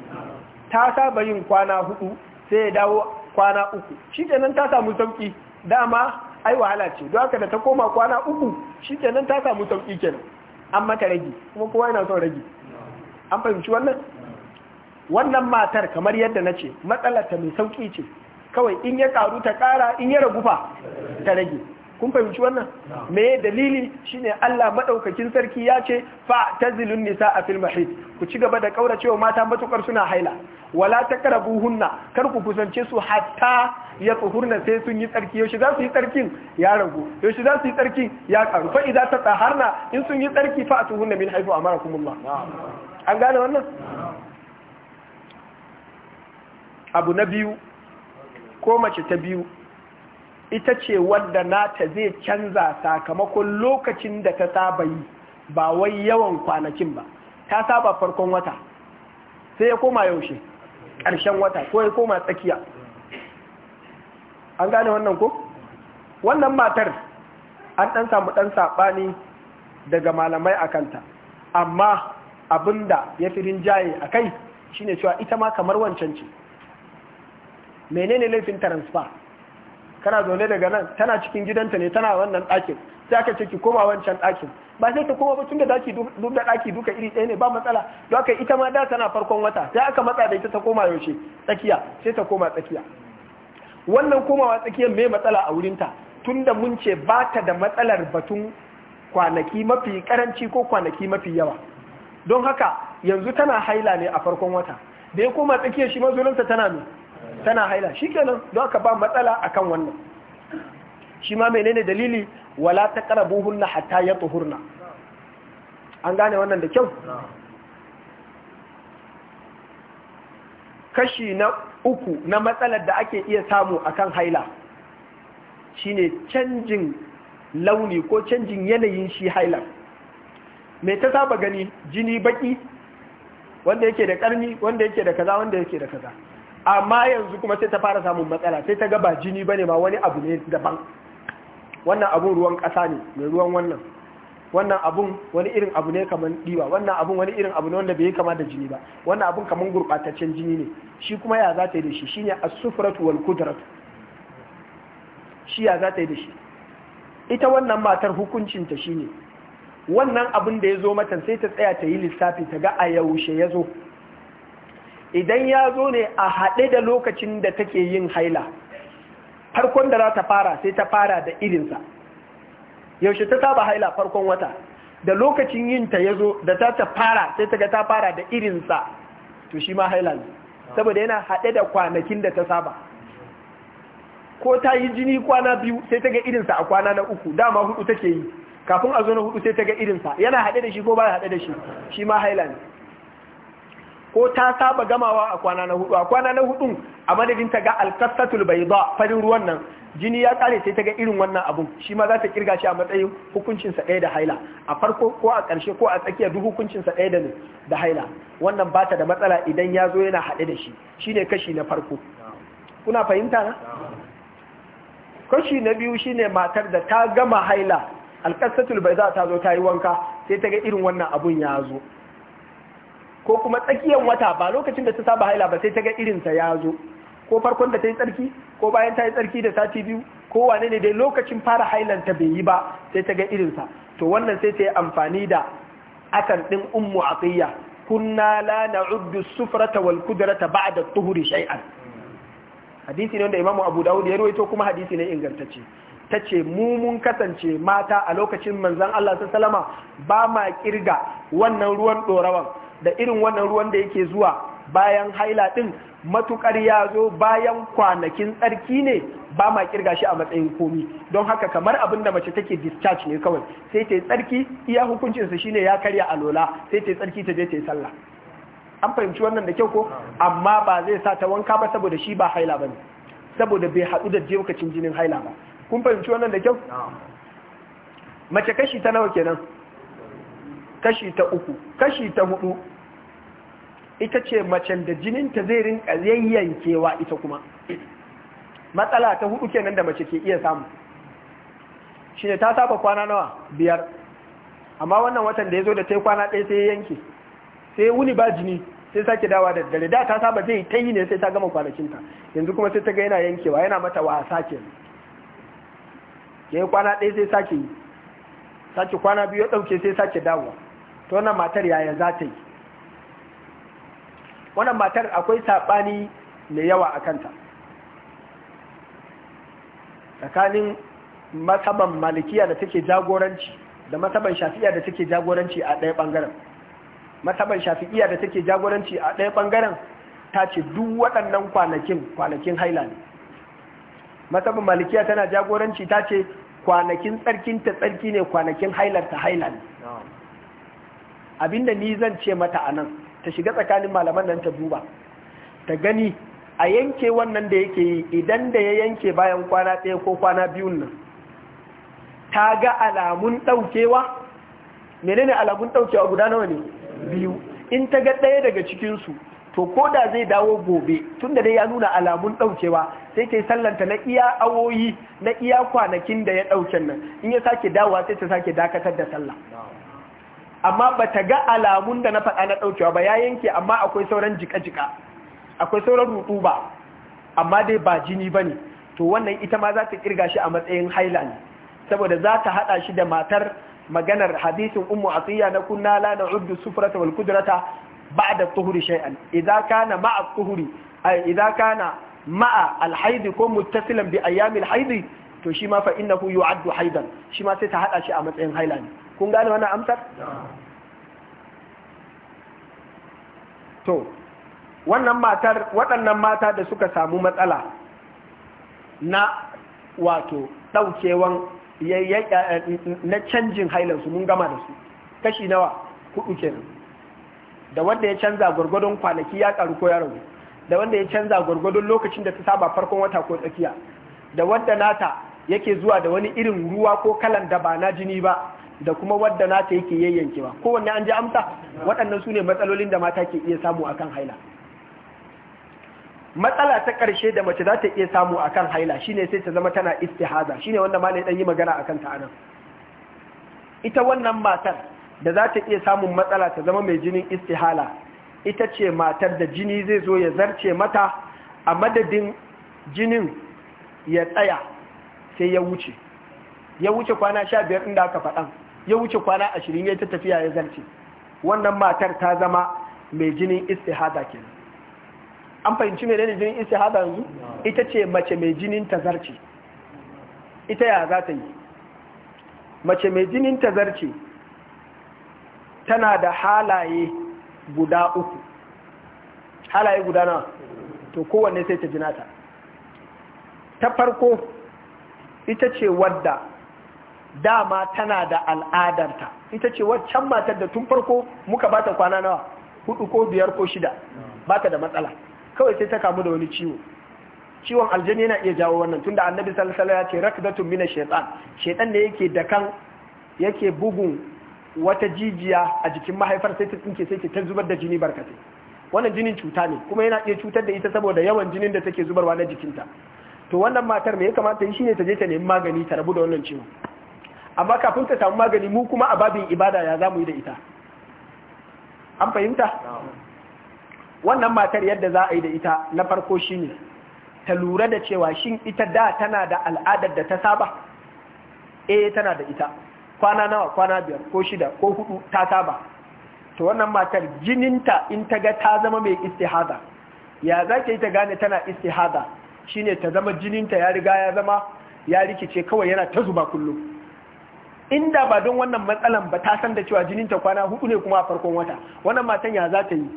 ta saba yin kwana hudu sai ya dawo kwana uku shi kenan ta samu sauki dama ai wahala ce don haka da ta koma kwana uku shi kenan ta samu sauki kenan an mata rage kuma kowa yana son rage an fahimci wannan wannan matar kamar yadda na ce matsalar ta mai sauki ce kawai in ya karu ta kara in ya ragufa ta rage kun fahimci wannan me dalili shine Allah madaukakin sarki ya ce fa tazilun nisa a fil mahid ku ci gaba da cewa mata matukar suna haila wala buhunna kar ku kusance su hatta ya tuhurna sai sun yi tsarki yaushe za su yi tsarkin ya ragu yaushe za su yi tsarkin ya karu fa idza tataharna in sun yi tsarki fa tuhunna min haifu amarakumullah an gane wannan abu na biyu ko mace ta biyu ita ce wadda nata zai canza sakamakon lokacin da ta saba yi ba wai yawan kwanakin ba ta saba farkon wata sai ya koma yaushe ƙarshen wata ko ya koma tsakiya an gane wannan ko wannan matar an ɗan samu ɗan saɓani daga malamai a kanta amma abinda ya fi rinjaye a kai shine cewa ita ma kamar wancan ce menene laifin transfer kana zaune daga nan tana cikin gidanta ne tana wannan ɗakin sai aka ce ki koma wancan ɗakin ba sai ta koma ba tun da daki duk da ɗaki duka iri ɗaya ne ba matsala don haka ita ma da tana farkon wata sai aka matsa da ita ta koma yaushe tsakiya sai ta koma tsakiya wannan komawa tsakiyar me matsala a wurinta tunda mun ce ba ta da matsalar batun kwanaki mafi karanci ko kwanaki mafi yawa don haka yanzu tana haila ne a farkon wata da ya koma tsakiyar shi mazurinta tana ne tana haila shikenan don aka ba matsala akan wannan shi ma menene dalili wala ta hata hatta tuhurna an gane wannan da kyau kashi na uku na matsalar da ake iya samu akan haila shine canjin launi ko canjin yanayin shi haila me ta saba gani jini baki wanda yake da karni wanda yake da kaza wanda yake da kaza amma yanzu kuma sai ta fara samun matsala sai ta gaba jini bane ma wani abu ne daban wannan abun ruwan ƙasa ne mai ruwan wannan wannan abun wani irin abu ne kamar diwa wannan abun wani irin abu ne wanda bai kama da jini ba wannan abun kamar gurɓataccen jini ne shi kuma ya za ta yi da shi Shi ne a sufuratu wal qudratu shi ya za ta yi da shi ita wannan matar hukuncinta ne. wannan abun da ya zo mata sai ta tsaya ta yi lissafi ta ga a yaushe ya zo idan ya zo ne a haɗe da lokacin da take yin haila farkon da za ta fara sai ta fara da irinsa yaushe ta saba haila farkon wata da lokacin yinta ya zo da ta ta fara sai ta ga ta fara da irinsa to shi ma haila ne saboda yana haɗe da kwanakin da ta saba ko ta yi jini kwana biyu sai ta ga irinsa a kwana na uku dama hudu take yi kafin a zo na hudu sai ta ga irinsa yana haɗe da shi ko ba haɗe da shi shi ma haila ne ko ta saba gamawa a kwana na hudu a kwana na hudun a madadin ta ga alkasatul bayda farin ruwan nan jini ya kare sai ta ga irin wannan abun shi ma za ta kirga shi a matsayin hukuncin ɗaya da haila a farko ko a ƙarshe ko a tsakiya duk hukuncinsa ɗaya da haila wannan ba ta da matsala idan ya zo yana haɗe da shi shine kashi na farko kuna fahimta na kashi na biyu shine matar da ta gama haila alkasatul bayda ta zo ta yi wanka sai ta ga irin wannan abun ya zo ko kuma tsakiyar wata ba lokacin da ta saba haila ba sai ta ga irinsa ya zo ko farkon da ta yi tsarki ko bayan ta yi tsarki da sati biyu ko wane ne dai lokacin fara hailan ta bai yi ba sai ta ga irinsa to wannan sai ta yi amfani da akan ɗin ummu atiyya kunna la na'uddu sufrata wal ba ba'da tuhuri shay'an hadisi ne wanda imamu abu dawud ya rawaito kuma hadisi ne ingantacce ta ce mu mun kasance mata a lokacin manzan Allah ta ba ma kirga wannan ruwan ɗorawan da irin wannan ruwan da yake zuwa bayan haila ɗin matukar ya zo bayan kwanakin tsarki ne ba ma kirga shi a matsayin komi don haka kamar abin da mace take discharge ne kawai sai ta yi tsarki iya hukuncinsa shine ya karya a lola sai ta yi tsarki ta je ta yi sallah an fahimci wannan da kyau ko amma ba zai sa ta wanka ba saboda shi ba haila ba ne saboda bai haɗu da lokacin jinin haila ba kun fahimci wannan da kyau mace kashi ta nawa kenan kashi ta uku kashi ta hudu ita ce macen da jininta zai rinka yayyankewa ita kuma matsala ta hudu kenan da mace ke iya samu shi ne ta saba kwana nawa biyar amma wannan watan da ya zo da ta yi kwana ɗaya sai yanke sai wuni ba jini sai sake dawa da dare da ta saba zai ta yi ne sai ta gama kwanakinta yanzu kuma sai ta ga yana yankewa yana mata wa sake ya yi kwana ɗaya sai sake yi sake kwana biyu ya ɗauke sai sake dawa. to wannan matar yaya za ta yi wannan matar akwai saɓani mai yawa a kanta tsakanin matsaban malikiya da take jagoranci da matsaban shafi'iya da take jagoranci a ɗaya ɓangaren matsaban shafi'iya da take jagoranci a ɗaya ɓangaren ta ce duk waɗannan kwanakin kwanakin haila ne matsaban malikiya tana jagoranci ta ce kwanakin tsarkinta tsarki ne kwanakin ta haila ne abinda ni zan ce mata a nan ta shiga tsakanin malaman nan ta duba ta gani a yanke wannan da yake yi idan da ya yanke bayan kwana ɗaya ko kwana biyun nan ta ga alamun ɗaukewa menene alamun ɗaukewa guda nawa ne biyu in ta ga ɗaya daga cikinsu to ko da zai dawo gobe tun da dai ya nuna alamun ɗaukewa sai ta yi sallanta na iya awoyi na iya kwanakin da ya ɗauken nan in ya sake dawowa sai ta sake dakatar da sallah amma ba ta ga alamun da na faɗa na ɗaukewa ba ya yanke amma akwai sauran jika-jika akwai sauran rutu ba amma dai ba jini ba ne to wannan ita ma za ta kirga shi a matsayin haila saboda za ta haɗa shi da matar maganar hadisin ummu atiya na kunna la na uddu sufrata wal ba da tuhuri shay'an idza kana ma'a tuhuri idza kana ma'a al ko muttasilan bi ayyamil haidi? to shi ma fa innahu yu'addu haidan shi ma sai ta hada shi a matsayin haila ne kun gane wannan amsar to wannan matar waɗannan mata da suka samu matsala na wato ɗaukewan na canjin hailansu mun gama da su kashi nawa ke kenan da wanda ya canza gwargwadon kwanaki ya karu ko yaro da wanda ya canza gwargwadon lokacin da ta saba farkon wata ko tsakiya da wanda nata yake zuwa da wani irin ruwa ko kalan da ba na jini ba da kuma wadda na ta yake yayyankewa kowanne an ji amsa waɗannan su ne matsalolin da mata ke iya samu akan haila matsala ta ƙarshe da mace za ta iya samu akan haila shine sai ta zama tana istihaza shine wanda malai dan yi magana akan ta anan ita wannan matar da za ta iya samun matsala ta zama mai jinin istihala ita ce matar da jini zai zo ya zarce mata a madadin jinin ya tsaya sai ya wuce ya wuce kwana sha biyar inda aka faɗan ya wuce kwana ashirin ya ta tafiya ya zarce wannan matar ta zama mai jinin istihada kenan an fahimci mai ne jinin istihada yanzu ita ce mace mai jinin ta zarce, ita ya za ta yi mace mai jinin ta zarce tana da halaye guda uku halaye guda na to kowanne sai ta jinata ta farko ita ce wadda dama tana da al'adarta ita ce waccan matar da tun farko muka bata kwana nawa hudu ko biyar ko shida bata da matsala kawai sai ta kamu da wani ciwo ciwon aljani yana iya jawo wannan tunda annabi sallallahu alaihi wasallam ya ce rakdatun min shaytan shaytan ne yake da kan yake bugun wata jijiya a jikin mahaifar sai ta tsinke sai ta zubar da jini barkatai wannan jinin cuta ne kuma yana iya cutar da ita saboda yawan jinin da take zubarwa na jikinta to wannan matar mai ya kamata yi shine ta je ta nemi magani ta rabu da wannan ciwo amma kafin ta samu magani mu kuma a babin ibada ya za mu yi da ita an fahimta wannan matar yadda za a yi da ita na farko shine ta lura da cewa shin ita da tana da al'adar da ta saba eh tana da ita kwana nawa kwana biyar ko shida ko hudu ta saba to wannan matar jininta in ta ga ta zama mai istihada ya za yi ta gane tana istihada shine ta zama jininta ya riga ya zama ya rikice kawai yana ta zuba kullum inda ba don wannan matsalan ba ta san da cewa jininta kwana hudu ne kuma a farkon wata wannan matan ya za ta yi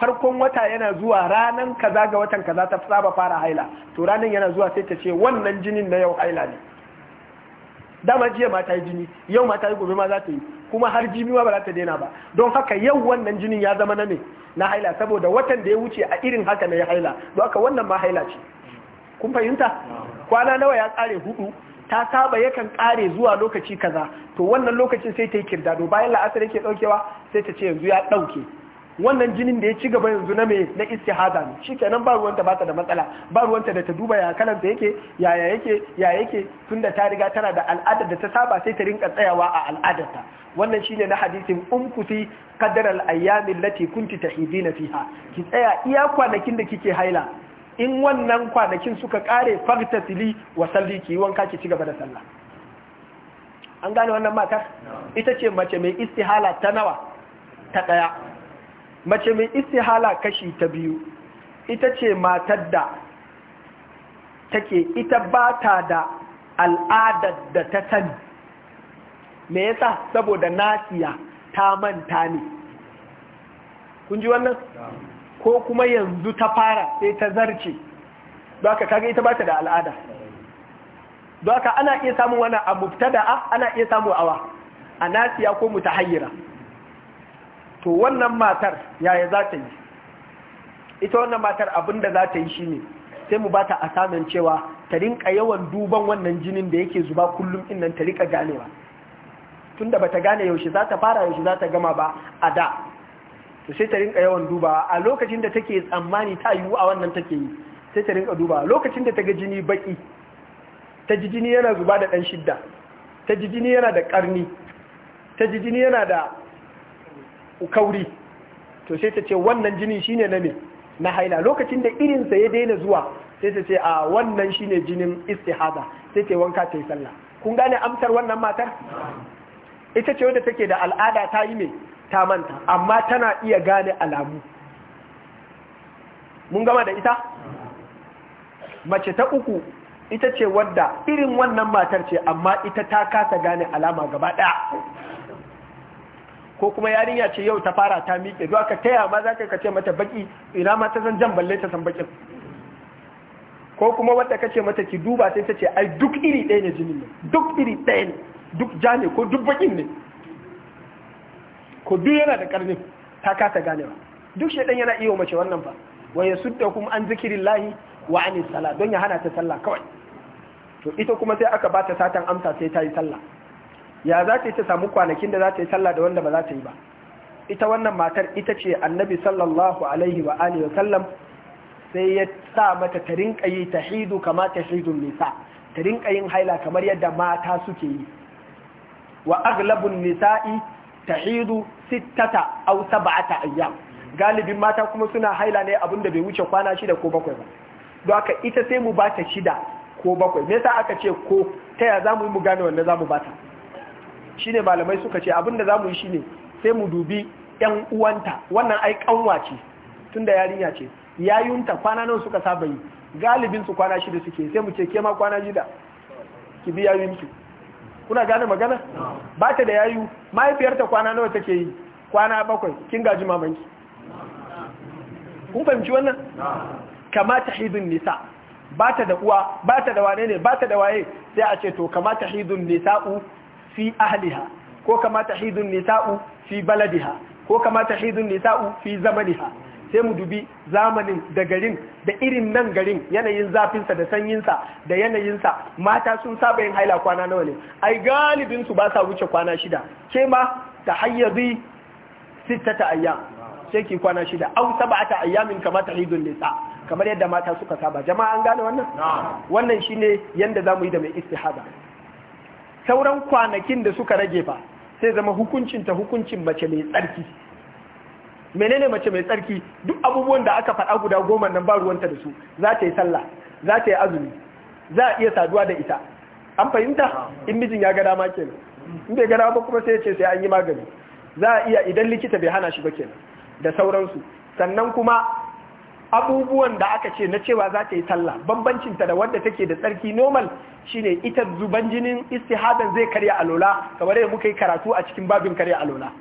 farkon wata yana zuwa ranan kaza ga watan kaza ta saba fara haila to ranan yana zuwa sai ta ce wannan jinin na yau haila ne dama jiya ma yi jini yau ma yi gobe ma za ta yi kuma har jini ma ba za ta daina ba don haka yau wannan jinin ya zama na ne na haila saboda watan da ya wuce a irin haka na ya haila don haka wannan ma haila ce kun fahimta kwana nawa ya tsare hudu ta saba yakan kare zuwa lokaci kaza to wannan lokacin sai ta yi kirda do bayan la'asar yake daukewa sai ta ce yanzu ya dauke wannan jinin da ya ci gaba yanzu na me na istihada ne shikenan ba ruwanta ba ta da matsala ba ruwanta da ta duba ya kalanta yake yaya yake ya yake tunda ta riga tana da al'adar da ta saba sai ta rinka tsayawa a al'adarta wannan shine na hadisin umkusi qadar al ayyam allati kunti tahidina fiha ki tsaya iya kwanakin da kike haila in wannan kwanakin suka kare fagtasili wa salli ki wanka ki ci gaba da sallah an gane wannan matar ita ce mace mai istihala ta nawa ta ɗaya mace mai istihala kashi ta biyu ita ce matar da take ita ba ta da al'adar da ta sani me yasa saboda nasiya ta manta ne kun ji wannan ko kuma yanzu ta fara sai ta zarce ka kaga ita ba ta da al'ada ka ana iya samun wani a da ana iya samu awa a nasiya ko hayyira to wannan matar yaya za ta yi ita wannan matar abinda za ta yi shi ne sai mu ba ta a samun cewa ta rinka yawan duban wannan jinin da yake zuba kullum innan ta rika ganewa Tun da ba ta gane yaushe za ta fara yaushe za ta gama ba a da to sai ta rinka yawan duba, a lokacin da take tsammani ta yiwu a wannan take yi sai ta rinka duba. lokacin da ta ga jini baki ta ji jini yana zuba da ɗan shidda ta ji jini yana da ƙarni ta ji jini yana da kauri to sai ta ce wannan jini shine na me na haila lokacin da irinsa ya daina zuwa sai ta ce a wannan shine jinin istihada sai ta wanka ta yi sallah kun gane amsar wannan matar ita ce wadda take da al'ada ta yi me ta manta amma tana iya gane alamu mun gama da ita mace ta uku ita ce wadda irin wannan matar ce amma ita ta kasa gane alama gaba ɗaya ko kuma yarinya ce yau ta fara ta miƙe zuwa ka taya ma za ka ce mata baki ina ma ta san jan balle ta san bakin ko kuma wadda kace mata ki duba sai ta ce ai duk iri ɗaya ne jinin ne duk iri ɗaya ne duk ja ne ko duk bakin ne ko duk yana da karnin ta kasa ganewa duk shaidan yana iya mace wannan fa wa kuma an lahi wa an sala don ya hana ta sallah kawai to ita kuma sai aka bata satan amsa sai ta yi sallah ya za ta yi ta samu kwanakin da za ta yi sallah da wanda ba za ta yi ba ita wannan matar ita ce annabi sallallahu alaihi wa alihi wa sallam sai ya sa mata ta rinka yi tahidu kama tahidun nisa ta rinka yin haila kamar yadda mata suke yi wa aglabun nisa'i Ta ta'idu sittata aw sab'ata ayyam galibin mata kuma suna haila ne abinda bai wuce kwana shida ko bakwai ba don haka ita sai mu bata shida ko bakwai me yasa aka ce ko ta ya zamu yi mu gane wanda zamu bata shine malamai suka ce abinda zamu yi shine sai mu dubi yan uwanta wannan ai kanwa ce tunda yarinya ce yayunta kwana nawa suka saba yi galibin su kwana shida suke sai mu ce ke ma kwana shida ki bi yayunki kuna gane magana ba ta da yayu mahaifiyarta kwana nawa take yi kwana bakwai kin gaji mamanki kun fahimci wannan kamata hidin nisa ba ta da uwa ba ta da wane ne ba ta da waye sai a ce to kamata hidin nisa'u fi ahliha ko kamata hidin nisa'u fi baladiha ko kamata hidin nisa'u fi zamaniha sai mu dubi zamanin da garin da irin nan garin yanayin zafinsa da sanyinsa da yanayinsa mata sun saba yin haila kwana nawa ne ai galibin su ba sa wuce kwana shida ke ma ta hayyazi sittata ayyam sai ki kwana shida aw sab'ata ayyamin kama hidun nisa kamar yadda mata suka saba jama'a an gane wannan wannan shine yanda zamu yi da mai istihada sauran kwanakin da suka rage fa sai zama hukuncin ta hukuncin mace mai tsarki menene mace mai tsarki duk abubuwan da aka faɗa guda goma nan ba ruwanta da su za ta yi sallah za ta yi azumi za a iya saduwa da ita an fahimta in mijin ya ga dama kenan in bai ga dama kuma sai ya ce sai an yi magani za a iya idan likita bai hana shi ba kenan da sauransu sannan kuma abubuwan da aka ce na cewa za ta yi sallah ta da wadda take da tsarki normal shine ita zuban jinin istihadan zai karya alola kamar yadda muka yi karatu a cikin babin karya alola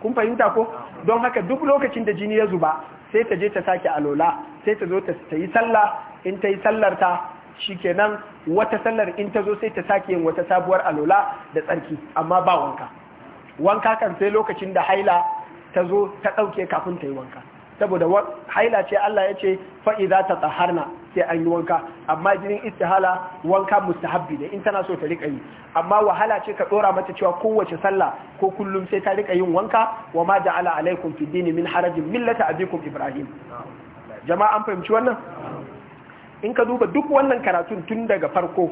kun fahimta ko don haka duk lokacin da jini ya zuba sai ta je ta sake alola sai ta zo ta yi sallah in ta yi sallar ta shi shikenan wata sallar in ta zo sai ta sake yin wata sabuwar alola da tsarki amma ba wanka wanka kan sai lokacin da haila ta zo ta ɗauke kafin ta yi wanka saboda haila ce Allah ya ce fa'iza ta tsaharna sai an yi wanka amma jinin istihala wanka mustahabbi da in tana so ta rika yi amma wahala ce ka dora mata cewa kowace sallah ko kullum sai ta rika yin wanka wa ma ala alaikum fi dini min harajin millata abikum ibrahim jama'a an fahimci wannan in ka duba duk wannan karatun tun daga farko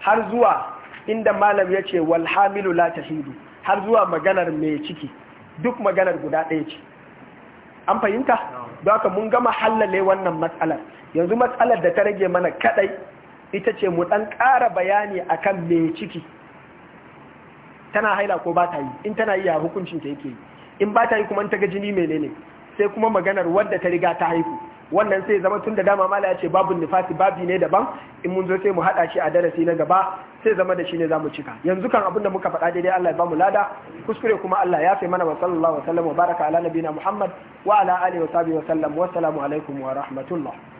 har zuwa inda malam ya ce walhamilu la tahidu har zuwa maganar mai ciki duk maganar guda ɗaya ce an fahimta za ka mun gama hallale wannan matsalar yanzu matsalar da ta rage mana kadai ita ce mu dan kara bayani akan mai ciki tana haila ko ba ta yi in tana yi hukuncin ta yake yi in ba ta yi kuma ta ga jini menene sai kuma maganar wanda ta riga ta haihu wannan sai zama tun da dama mala ya ce babu nifasi babi ne daban in mun zo sai mu haɗa shi a darasi na gaba sai zama da shi ne zamu cika yanzu kan abin da muka faɗa daidai Allah ya bamu lada kuskure kuma Allah ya fi mana wa sallallahu wa sallam wa baraka ala nabina Muhammad wa ala alihi wa sahbihi wa sallam wa assalamu alaikum wa rahmatullah